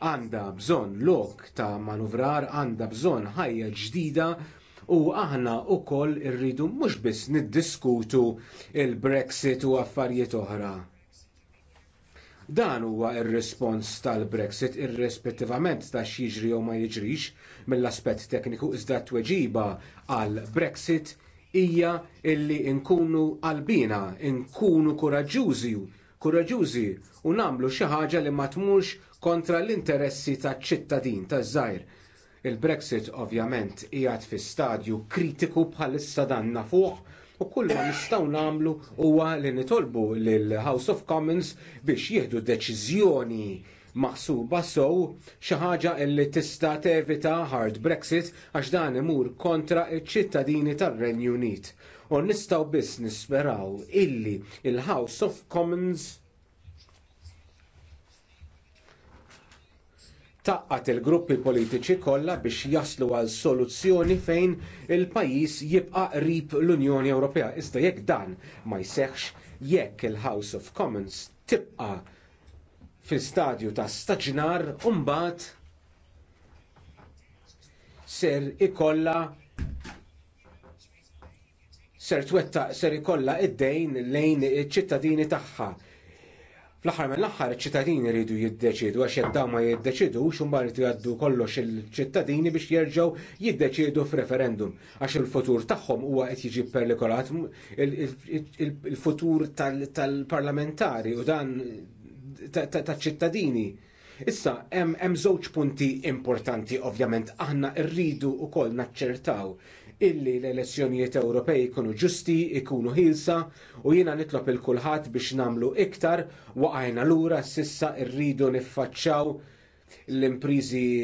għandha bżonn lok ta' manuvrar, għandha bżonn ħajja ġdida u aħna wkoll irridu mhux biss niddiskutu l brexit u affarijiet oħra. Dan huwa r rispons tal-Brexit irrispettivament ta' xiġri jiġri jew ma jiġrix mill-aspett tekniku iżda tweġiba għal Brexit hija illi nkunu qalbina, nkunu kuraġuzi, kuraġuzi u nagħmlu xi ħaġa li ma tmurx kontra l-interessi taċ-ċittadin taż-żgħir. Il-Brexit ovvjament ijat fi stadju kritiku bħal-issa danna fuq u kull ma nistgħu nagħmlu huwa li nitolbu lill House of Commons biex jieħdu deċiżjoni maħsuba sow xi ħaġa li tista' tevita hard Brexit għax dan imur kontra ċ-ċittadini tar-Renju Unit. U nistgħu biss nisperaw illi il-House of Commons taqqat il-gruppi politiċi kollha biex jaslu għal soluzzjoni fejn il-pajjiż jibqa' qrib l-Unjoni Ewropea. Iżda jekk dan ma jseħħx jekk il-House of Commons tibqa' fil-stadju ta' staġnar umbat ser ikolla ser twetta ser ikolla id-dejn lejn iċ-ċittadini tagħha. Fl-aħħar mill aħħar iċ-ċittadini jridu jiddeċidu għax jekk dawn ma jiddeċidux mbagħad jgħaddu kollox il-ċittadini biex jerġgħu jiddeċidu f'referendum għax il-futur tagħhom huwa qed jiġi perlikolat il-futur tal-parlamentari u dan ta' ċittadini. Issa, hemm żewġ punti importanti, ovvjament, aħna rridu wkoll naċċertaw illi l-elezzjonijiet Ewropej ikunu ġusti, ikunu ħilsa u jiena nitlob il kulħadd biex namlu iktar waqajna lura sissa rridu niffaċċaw l-imprizi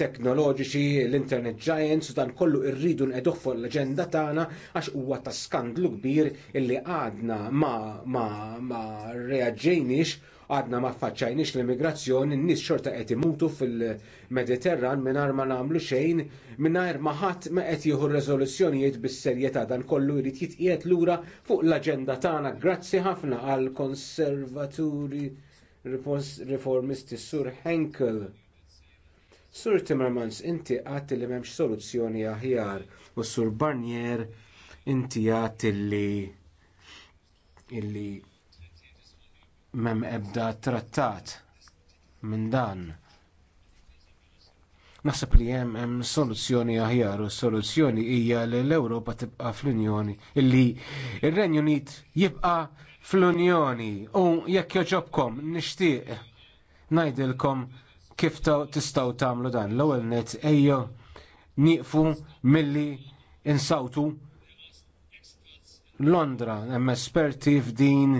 teknoloġiċi, l-Internet Giants, u dan kollu irridu n-eduffu l-aġenda tagħna għax huwa ta' skandlu kbir illi għadna ma, ma, ma reagġejniex għadna ma faċċajnix l-immigrazzjoni, n-nis xorta qed imutu fil-Mediterran mingħajr ma nagħmlu xejn, mingħajr ma ħadd ma qed jieħu riżoluzzjonijiet bis-serjetà dan kollu jrid jitqiegħed lura fuq l-aġenda tagħna. Grazzi ħafna għall konservaturi Reformisti Sur Henkel. Sur Timmermans, inti għat li memx soluzzjoni aħjar u Sur Barnier, inti għat li illi mem ebda trattat minn dan. Naħseb li hemm hemm soluzzjoni aħjar u soluzzjoni hija li l-Ewropa tibqa' fl-Unjoni, illi ir-Renju Unit jibqa' fl-Unjoni u jekk joġobkom nixtieq ngħidilkom kif tistaw tagħmlu dan l-ewwel net ejja nieqfu milli insawtu Londra hemm esperti f'din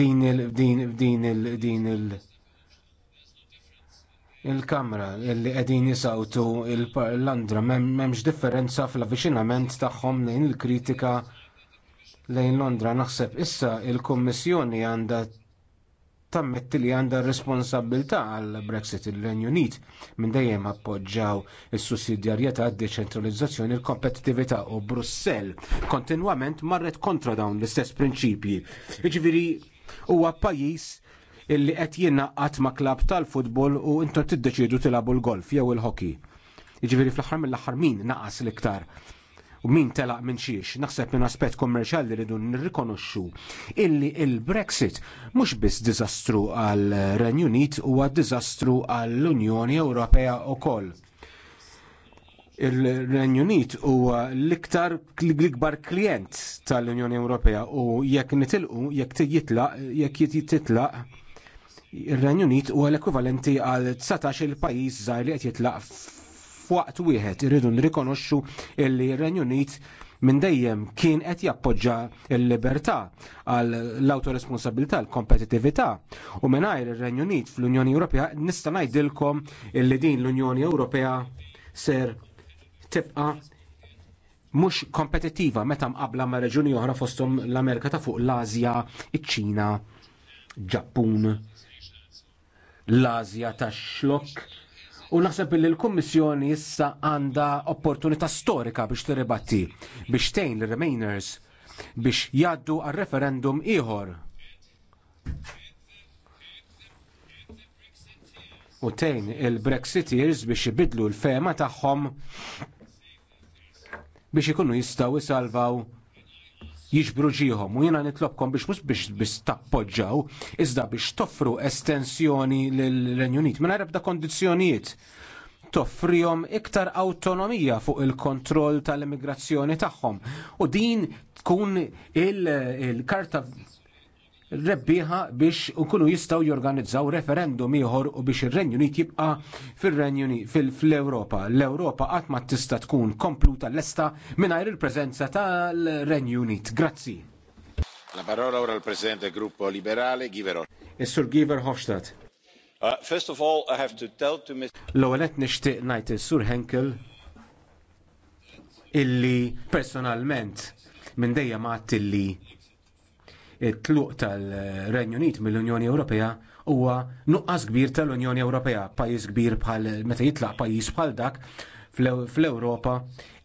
din il din din il din il il-kamra li qegħdin jisawtu l-Londra m'hemmx differenza fl-avviċinament tagħhom lejn il-kritika lejn Londra naħseb issa il-Kummissjoni għandha tammetti li għandha r-responsabilità għall Brexit il-Renju Unit minn dejjem appoġġjaw is-sussidjarjetà d-deċentralizzazzjoni l kompetitività u Brussell kontinwament marret kontra dawn l-istess prinċipji. Jiġifieri huwa pajjiż illi qed jingħaqad ma' klab tal-futbol u intom tiddeċiedu tilabu l-golf jew il-hockey. Jiġifieri fl-aħħar mill-aħħar min naqas l-iktar u min telaq minn xiex, naħseb minn aspett kommerċjali li rridu nirrikonoxxu illi il-Brexit mhux biss diżastru għal Renju Unit huwa diżastru għall Unjoni Ewropea wkoll. Il-Renju Unit huwa l-iktar l-ikbar klient tal-Unjoni Ewropea u jekk nitilqu jekk jitlaq jekk jititlaq ir-Renju Unit huwa l-ekwivalenti għal 19 il-pajjiż zaħli li qed jitlaq f'waqt wieħed irridu nrikonoxxu illi r-Renju Unit minn dejjem kien qed jappoġġa l-libertà għal l-autoresponsabilità, l-kompetitività. U mingħajr ir-Renju Unit fl-Unjoni Ewropea nista' ngħidilkom illi din l-Unjoni Ewropea ser tibqa' mhux kompetittiva meta mqabbla ma' reġuni oħra fosthom l-Amerika ta' fuq l-Asja, iċ-Ċina, Ġappun, l-Asja tax xlok U naħseb li l-Kummissjoni issa għandha opportunità storika biex tirribatti biex tejn l-Remainers biex jaddu għal referendum ieħor. U tejn il-Brexiteers biex jibidlu l-fema tagħhom biex ikunu jistgħu jsalvaw jiġbru ġiħom u jiena nitlobkom biex mus biex biex tappoġġaw iżda biex toffru estensjoni l renju Unit mingħajr ebda kondizzjonijiet toffrihom iktar awtonomija fuq il-kontroll tal-immigrazzjoni tagħhom u din tkun il-karta il karta Rebbieħa biex ukunu jistaw jorganizzaw referendum ieħor u biex ir-Renju Unit jibqa' fir-Renju Unit fl-Ewropa. L-Ewropa qatt ma tista' tkun kompluta lesta mingħajr il-preżenza tal-Renju Unit. Grazzi. La parola ora al Presidente del Gruppo Liberale, Giver e Is-Sur Giver Hofstadt. Uh, first of all, I have to tell to Mr. L-ewwel qed nixtieq ngħid sur Henkel illi personalment minn dejjem għatt illi it-tluq tal-Renju Unit mill-Unjoni Ewropea huwa nuqqas kbir tal-Unjoni Ewropea, pajjiż kbir bħal meta jitlaq pajjiż bħal dak fl-Ewropa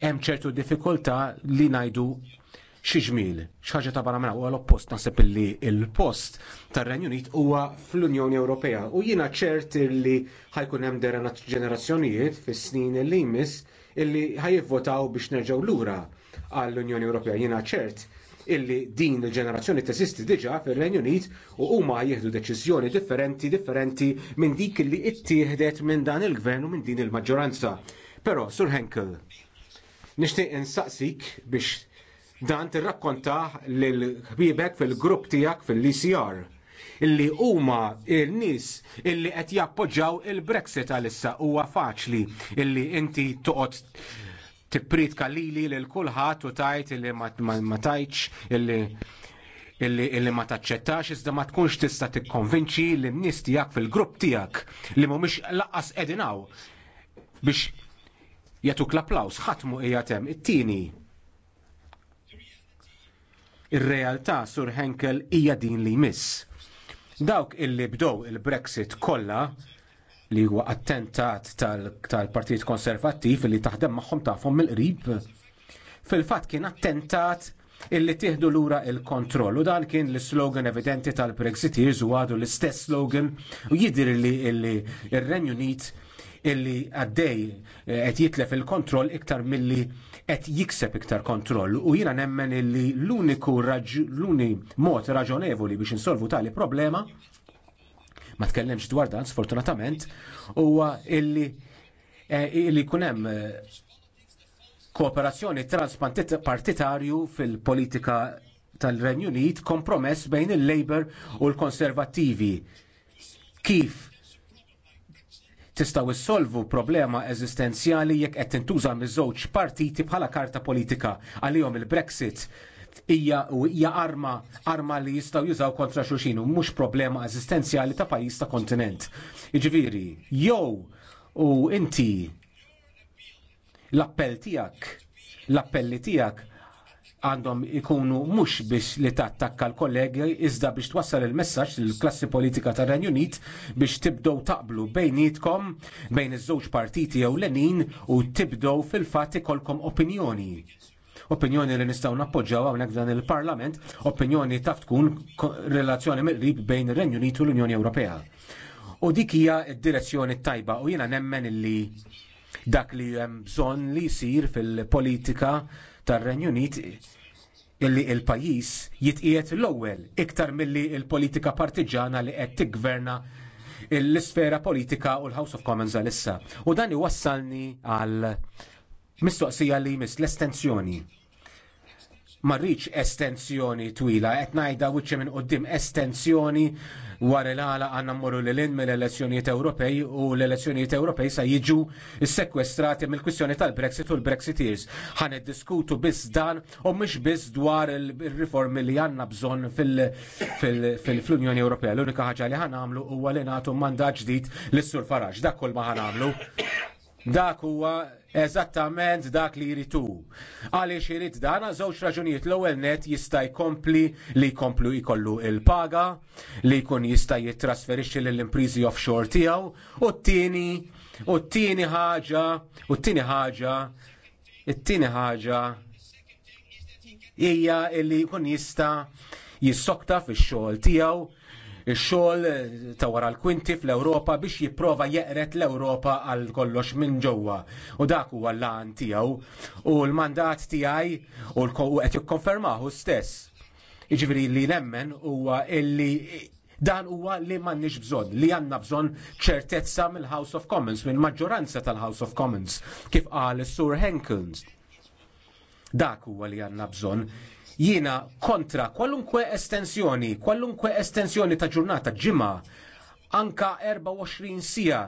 hemm ċertu diffikultà li ngħidu xi ġmiel, ħaġa ta' barra huwa l-oppost naħseb illi l-post tar-Renju Unit huwa fl-Unjoni Ewropea u jiena ċert li ħajkun hemm dera ġenerazzjonijiet fis-snin li jmiss illi ħajjivvotaw biex nerġgħu lura għall-Unjoni Ewropea. Jiena ċert illi din il-ġenerazzjoni t'esisti diġa fir-Renju Unit u huma jieħdu deċiżjoni differenti differenti minn dik illi ittieħdet minn dan il-gvern u minn din il-maġġoranza. Però, Sur Henkel, nixtieq insaqsik biex dan tirrakkonta l ħbiebek fil-grupp tiegħek fil-ECR illi huma il-nies illi qed jappoġġaw il-Brexit għalissa huwa faċli illi inti toqgħod kalili li lil kulħadd u tajt illi ma tajċ illi illi ma taċċettax iżda ma tkunx tista' tikkonvinċi n nies tiegħek fil-grupp tiegħek li mhumiex laqas edinaw biex jagħtuk l-applaws ħatmu qiegħed hemm it-tieni. Ir-realtà sur Henkel hija din li jmiss. Dawk illi bdow il-Brexit kollha li huwa attentat tal-Partit Konservattiv li taħdem magħhom tafhom mill-qrib. Fil-fatt kien attentat illi tieħdu lura il-kontroll u dan kien l-slogan evidenti tal-Brexiteers u għadu l-istess slogan u jidir li il-Renju Unit illi għaddej eh, qed jitlef il-kontroll iktar milli qed jikseb iktar kontroll u jiena nemmen illi l-uniku l-uni mod raġonevoli biex insolvu tali problema ma tkellemx dwar dan sfortunatament huwa illi eh, illi kunem eh, kooperazzjoni transpartitarju fil-politika tal-Renju Unit kompromess bejn il-Labor u l-Konservattivi. Kif tistgħu issolvu problema eżistenzjali jekk qed tintuża miż-żewġ partiti bħala karta politika għalihom il-Brexit hija hija arma arma li jistgħu jużaw kontra xulxin u mhux problema eżistenzjali ta' pajjiż ta' kontinent. Jiġifieri, jew u inti l-appell tiegħek, l-appelli tiegħek għandhom ikunu mhux biex li tattakka l-kollegi iżda biex twassal il-messaġġ lill-klassi politika tar renju Unit biex tibdow taqblu bejnietkom bejn iż-żewġ partiti jew lenin u tibdow fil-fatt ikolkom opinjoni opinjoni li nistgħu nappoġġaw hawnhekk dan il-Parlament, opinjoni taf tkun relazzjoni mill-qrib bejn ir-Renju Unit u l-Unjoni Ewropea. U dik hija d-direzzjoni tajba u jiena nemmen li dak li hemm bżonn li jsir fil-politika tar-Renju Unit illi il-pajis jitqiet l-ewwel iktar milli l politika partiġana li qed tiggverna l-isfera politika u l-House of Commons għal issa. U dan iwassalni għal mistoqsija li mis l-estensjoni marriċ estensjoni twila, qed ngħidha wiċċe minn qoddim estensjoni wara l-għala għandna mmorru lil in mill-elezzjonijiet Ewropej u l-elezzjonijiet Ewropej sa jiġu sekwestrati mill-kwistjoni tal-Brexit u l-Brexiteers. Ħan diskutu biss dan u mhux biss dwar il-riformi li għandna bżonn fil-Unjoni Ewropea. L-unika ħaġa li ħan għamlu huwa li nagħtu mandat ġdid lis sur Faraġ. Dak kull ma ħan għamlu. Dak huwa eżattament dak li jritu. Għaliex jrid dan żewġ raġunijiet l-ewwel net jista' jkompli li jkomplu jkollu il-paga, li jkun jista' jittrasferixxi lill-imprizi offshore tiegħu, u t-tieni u t-tieni ħaġa, u t-tieni ħaġa, it-tieni ħaġa hija li jkun jista' jissokta fix-xogħol tiegħu ix-xogħol ta' wara l-kwinti fl-Ewropa biex jipprova jeqret l-Ewropa għal kollox minn ġewwa. U dak huwa l-lan tiegħu u l-mandat tiegħi u qed jikkonfermahu stess. Jiġifieri li nemmen huwa illi dan huwa li m'għandniex bżonn, li għandna bżonn ċertezza mill-House of Commons, mill-maġġoranza tal-House of Commons, kif qal is-Sur Henkels. Dak huwa li għandna bżonn Jiena kontra kwalunkwe estensjoni, kwalunkwe estensjoni ta' ġurnata ġimgħa anka 24 sija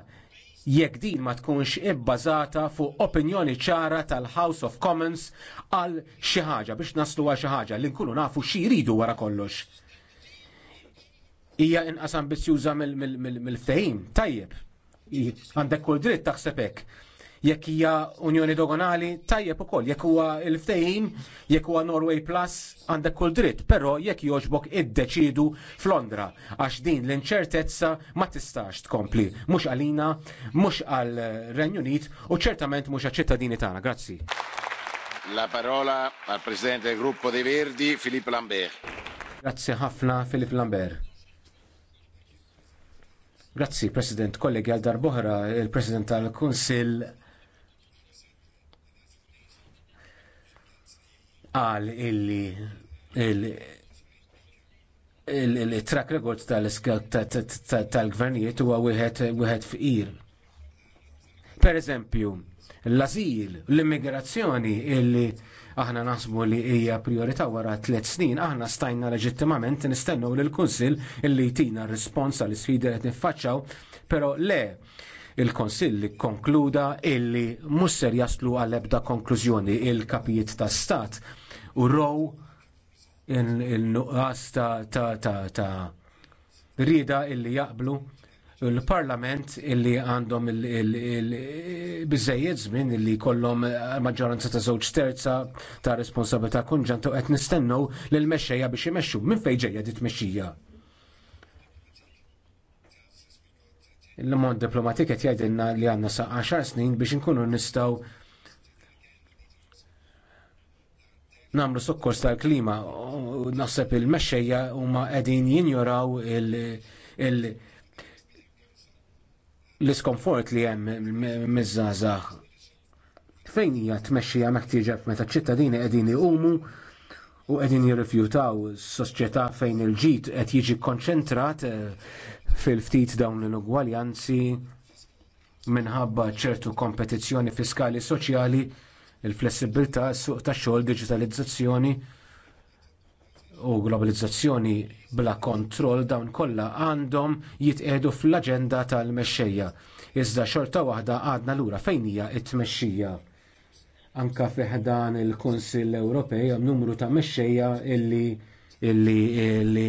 jekk din ma tkunx ibbażata fuq opinjoni ċara tal-House of Commons għal xi ħaġa biex naslu għal xi ħaġa li nkunu nafu xi jridu wara kollox. Hija inqas ambizzjuża mill-ftehim, tajjeb. Għandek kull dritt taħseb hekk jekk hija Unjoni Dogonali tajjeb ukoll, jekk huwa l-ftehim, jekk huwa Norway Plus għandek kull dritt, però jekk jogħġbok iddeċidu f'Londra għax din l-inċertezza ma tistax tkompli, mhux għalina, mhux għal Renju Unit u ċertament mhux għaċ-ċittadini tagħna. Grazzi. La parola al Presidente del Gruppo dei Verdi, Filippo Lambert. Grazie ħafna, Filip Lambert. Grazzi, President, kollegi għal darbohra, il-President tal-Kunsil qal illi il-track record tal-gvernijiet huwa wieħed fqir. Per eżempju, l-azil, l-immigrazzjoni illi aħna naħsbu li hija priorità wara tliet snin, aħna stajna leġittimament nistennew lill kunsill illi jtina rispons għall isfidi qed niffaċċaw, però le il-Konsill li konkluda illi musser jaslu għall-ebda konklużjoni il-kapijiet tas-stat u row il-nuqqas ta' rida illi jaqblu l-parlament illi għandhom bizzejiet żmien illi kollom maġġoranza ta' żewġ terza ta' responsabilità konġanta u qed nistennew lil mexxejja biex imexxu. Minn fejn ġejja dit mexxija? Il-mod diplomatik qed jgħidilna li għandna sa' 10 snin biex inkunu nistgħu namlu sokkors tal-klima u naħseb il-mexxejja huma qegħdin jinjoraw l-iskomfort li hemm miż Fejn hija tmexxija meħtieġa meta ċittadini qegħdin iqumu u qegħdin jirrifjutaw s-soċjetà fejn il-ġid qed jiġi konċentrat eh, fil-ftit dawn l-ugwaljanzi minħabba ċertu kompetizzjoni fiskali soċjali il-flessibilità suq tax-xogħol diġitalizzazzjoni u globalizzazzjoni bla kontroll dawn kollha għandhom jitqiegħdu fl-aġenda tal-mexxejja. Iżda xorta waħda għadna lura fejn hija t tmexxija Anka fiħdan il-Kunsill Ewropej hemm numru ta' mexxejja illi illi illi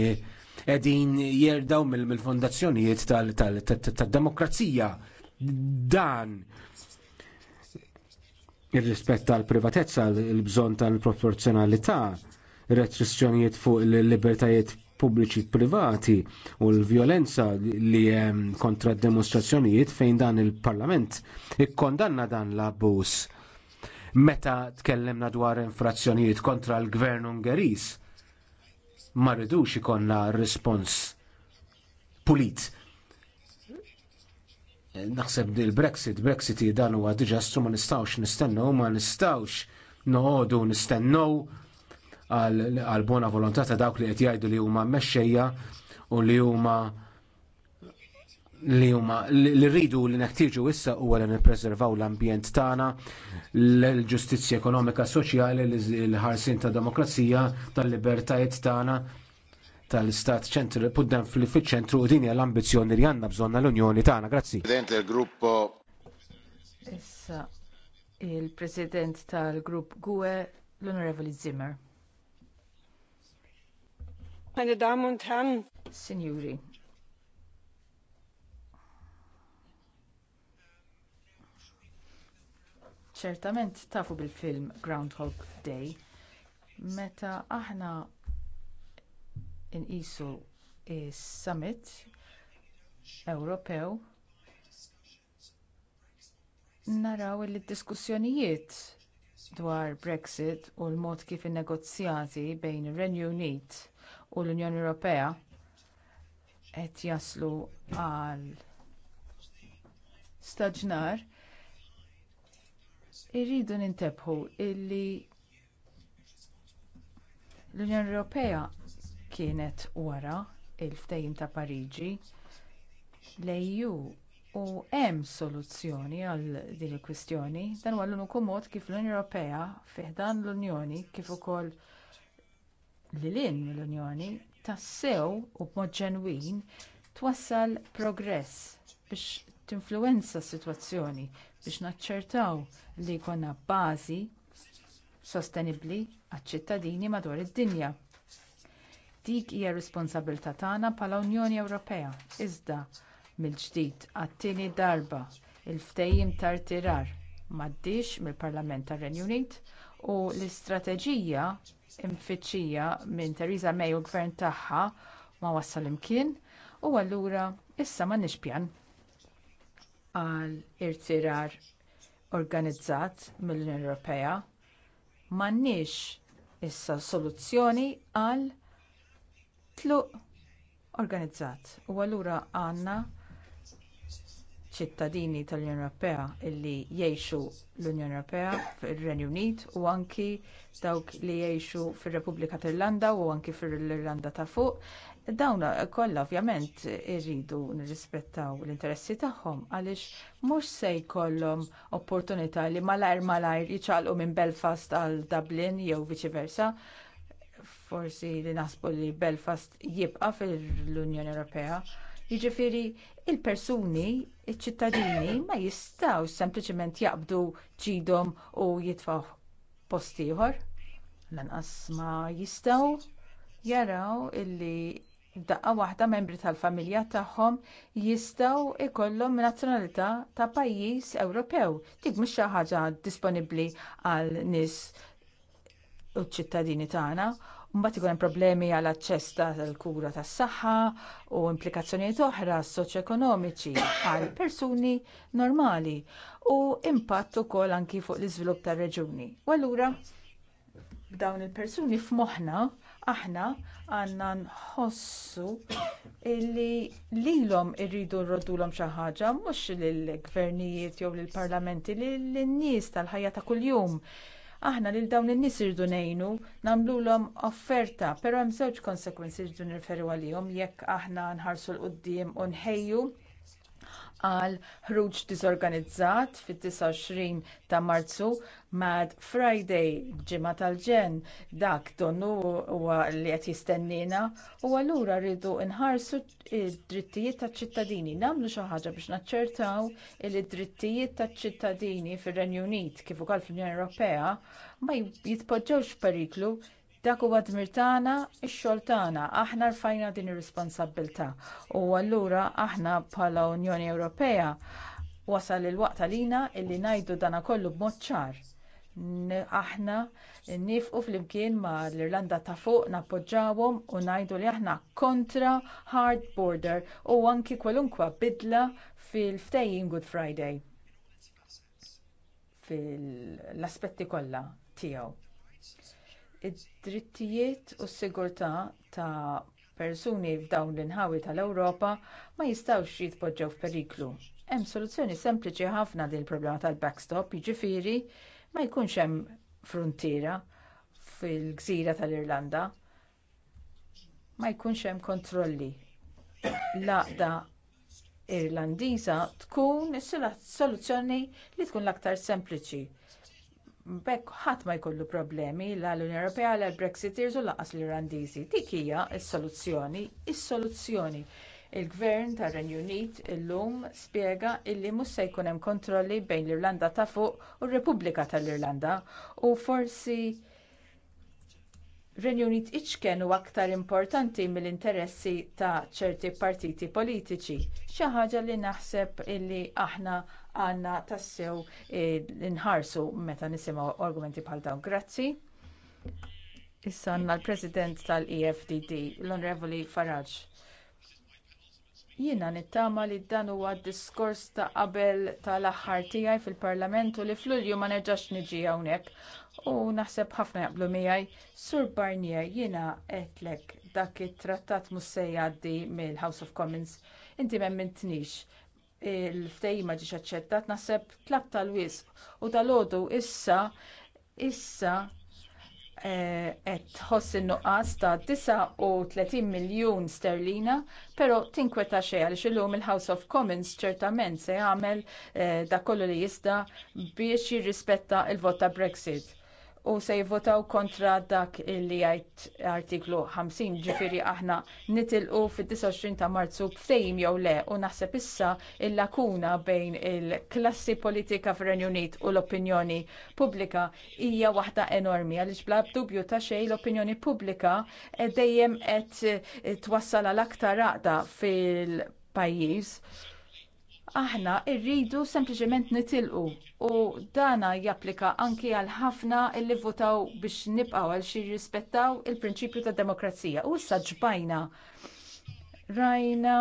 qegħdin jerdaw mill-fondazzjonijiet tad-demokrazija. Dan ir-rispett tal-privatezza, il-bżonn tal-proporzjonalità, restrizzjonijiet fuq il-libertajiet pubbliċi privati u l-vjolenza li hemm kontra d dimostrazzjonijiet fejn dan il-Parlament ikkondanna dan l-abbuż. Meta tkellimna dwar infrazzjonijiet kontra l-Gvern Ungeris. ma rridux ikollna rispons pulit naħseb di l-Brexit, Brexit dan huwa diġastru ma nistawx nistennew, ma nistawx noqogħdu nistennew għal bona volontà ta' dawk li qed jgħidu li huma mmexxejja u li huma li huma li rridu li nektiġu issa huwa li nippreservaw l-ambjent tagħna, l-ġustizzja ekonomika, soċjali, l-ħarsin ta' demokrazija, tal-libertajiet tagħna tal-Istat ċentru puddan fil-ċentru u dinja l-ambizjoni li għanna bżonna l-Unjoni tagħna. Grazzi. President il Issa il-President tal-grupp GUE l-Onorevoli Zimmer. Meine Damen und Herren, Signori, ċertament tafu bil-film Groundhog Day meta aħna inqisu is summit Ewropew naraw li d-diskussjonijiet dwar Brexit u l-mod kif in-negozjati bejn ir-Renju Unit u l-Unjoni Ewropea qed jaslu għal staġnar irridu nintebħu illi l-Unjoni Ewropea kienet wara l-ftehim ta' pariġi l-eu u hemm soluzzjoni għal din il-kwistjoni dan huwa l-uniku mod kif l-Unjoni Ewropea fih dan l-Unjoni kif ukoll lil mill-Unjoni tassew u b'mod ġenwin twassal progress biex tinfluwenza s-sitwazzjoni biex naċċertaw li jkollna bażi sostenibbli għaċ-ċittadini madwar id-dinja Dik hija responsabilità tagħna bħala Unjoni Ewropea. Iżda mill-ġdid għat-tieni darba il-ftehim tar-tirar m'għaddix mill-Parlament tar-Renju Unit u l-istrateġija mfittxija minn Theresa May u l-gvern tagħha ma wassal imkien u allura issa m'għandniex pjan għal irtirar organizzat mill-Unjoni Ewropea m'għandniex issa soluzzjoni għal tluq organizzat u allura għandna ċittadini tal-Unjoni Ewropea illi jgħixu l-Unjoni Ewropea fir-Renju Unit u anki dawk li jgħixu fir-Repubblika tal-Irlanda u anki fir-Irlanda ta' fuq. Dawn kollha ovvjament irridu nirrispettaw l-interessi tagħhom għaliex mhux se jkollhom opportunità li malajr malajr jiċċaqalqu minn Belfast għal Dublin jew viċi versa forsi li nasbu li Belfast jibqa fil-Unjoni Ewropea. Jiġifieri l persuni iċ-ċittadini ma jistgħu sempliċement jaqbdu ġidhom u jitfaw post ieħor. Lanqas ma jistgħu jaraw illi daqqa waħda membri tal-familja tagħhom jistgħu jkollhom nazzjonalità ta' pajjiż Ewropew. Dik mhux xi ħaġa disponibbli għal nies u ċ-ċittadini tagħna Mbagħad ikun hemm problemi għal aċċess tal-kura tas-saħħa u implikazzjonijiet oħra soċjoekonomiċi għal persuni normali u impatt ukoll anki fuq l-iżvilupp tar-reġuni. U allura b'dawn il-persuni f'moħħna aħna għandna nħossu li lilhom irridu rrodulhom xi ħaġa mhux lill-gvernijiet jew lill-parlamenti lin-nies tal-ħajja ta' kuljum. Aħna lil dawn in-nies irdu ngħinu nagħmluhom offerta, però hemm żewġ konsekwenzi rridu nirferu għalihom jekk aħna nħarsu l qudiem u nħejju għal ħruġ disorganizzat fit-29 ta' Marzu mad Friday ġimgħa tal-ġen dak donnu huwa li qed jistennina u allura rridu nħarsu d-drittijiet taċ-ċittadini nagħmlu xi ħaġa biex naċċertaw li d-drittijiet taċ-ċittadini fir-Renju Unit kif ukoll fl-Unjoni Ewropea ma jitpoġġewx f'periklu Dak huwa dmir tagħna, ix-xogħol tagħna, aħna rfajna din ir-responsabbiltà. U allura aħna bħala Unjoni Ewropea wasal il-waqt għalina illi ngħidu dana kollu b'mod ċar. Aħna nifqu flimkien ma l-Irlanda ta' fuq nappoġġawhom u ngħidu li aħna kontra hard border u anki kwalunkwa bidla fil-ftejjin Good Friday fil-aspetti kollha tiegħu id-drittijiet u s-sigurtà ta' persuni f'dawn l-inħawi tal-Ewropa ma jistgħux jitpoġġew f'periklu. Hemm soluzzjoni sempliċi ħafna din il-problema tal-backstop, jiġifieri ma jkunx hemm fruntiera fil-gżira tal-Irlanda. Ma jkunx hemm kontrolli. L-għaqda Irlandiża tkun is-soluzzjoni li tkun l-aktar sempliċi bekk ħadd ma jkollu problemi la l-Unjoni Ewropea la l-Brexiteers u laqas l-Irlandiżi. Dik hija s-soluzzjoni, is-soluzzjoni. Il-Gvern tar-Renju Unit illum spjega illi mhux se jkun hemm kontrolli bejn l-Irlanda ta' fuq u r-Repubblika tal-Irlanda u forsi Renju Unit u aktar importanti mill-interessi ta' ċerti partiti politiċi, xi ħaġa li naħseb illi aħna għanna tassew eh, nħarsu meta nisimgħu argumenti bħal dawn. Grazzi. Issa għandna l-President tal-EFDD, l-Onorevoli Farage. Jiena nittama li dan huwa d diskors ta' qabel tal-aħħar tiegħi fil-Parlamentu li f'Lulju ma nerġax niġi hawnhekk u naħseb ħafna jaqblu miegħi. Sur Barnier jiena qedlek dak it-trattat mhux di jgħaddi mill-House of Commons inti m'emmintnix il-ftejma ġiex aċċettat naħseb tlab tal-wisq u dalodu issa issa eh, qed tħoss in-nuqqas ta' 39 miljun sterlina, però tinkweta xejn għaliex illum il-House of Commons ċertament se jagħmel eh, dak kollu li jista' biex jirrispetta l vot ta' Brexit u se jivvotaw kontra dak li jgħid artiklu 50 ġifiri aħna nitilqu fid-29 ta' Marzu b'fejm jew le u naħseb issa il-lakuna bejn il-klassi politika fir-Renju Unit u l-opinjoni pubblika hija waħda enormi għaliex bla dubju ta' xejn l-opinjoni pubblika dejjem qed twassal għal aktar għaqda fil-pajjiż aħna rridu sempliċement nitilqu u dana japplika anki għal ħafna illi votaw biex nibqgħu għal xi jirrispettaw il-prinċipju tad demokrazija. U issa ġbajna rajna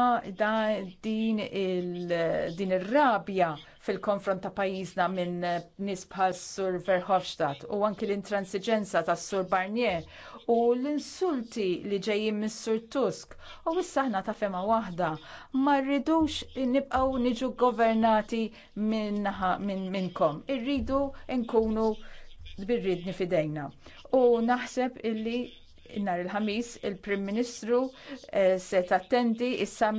din ir-rabja fil-konfront ta' pajjiżna minn nies bħal Sur Verhofstadt u anki l-intransiġenza tas Sur Barnier u l-insulti li ġejjin mis-Sur Tusk. U issa aħna ta' fema waħda, ma rridux nibqgħu niġu governati minnkom. Irridu nkunu birridni fidejna. U naħseb illi nhar il-ħamis il-Prim Ministru eh, se tattendi is-summit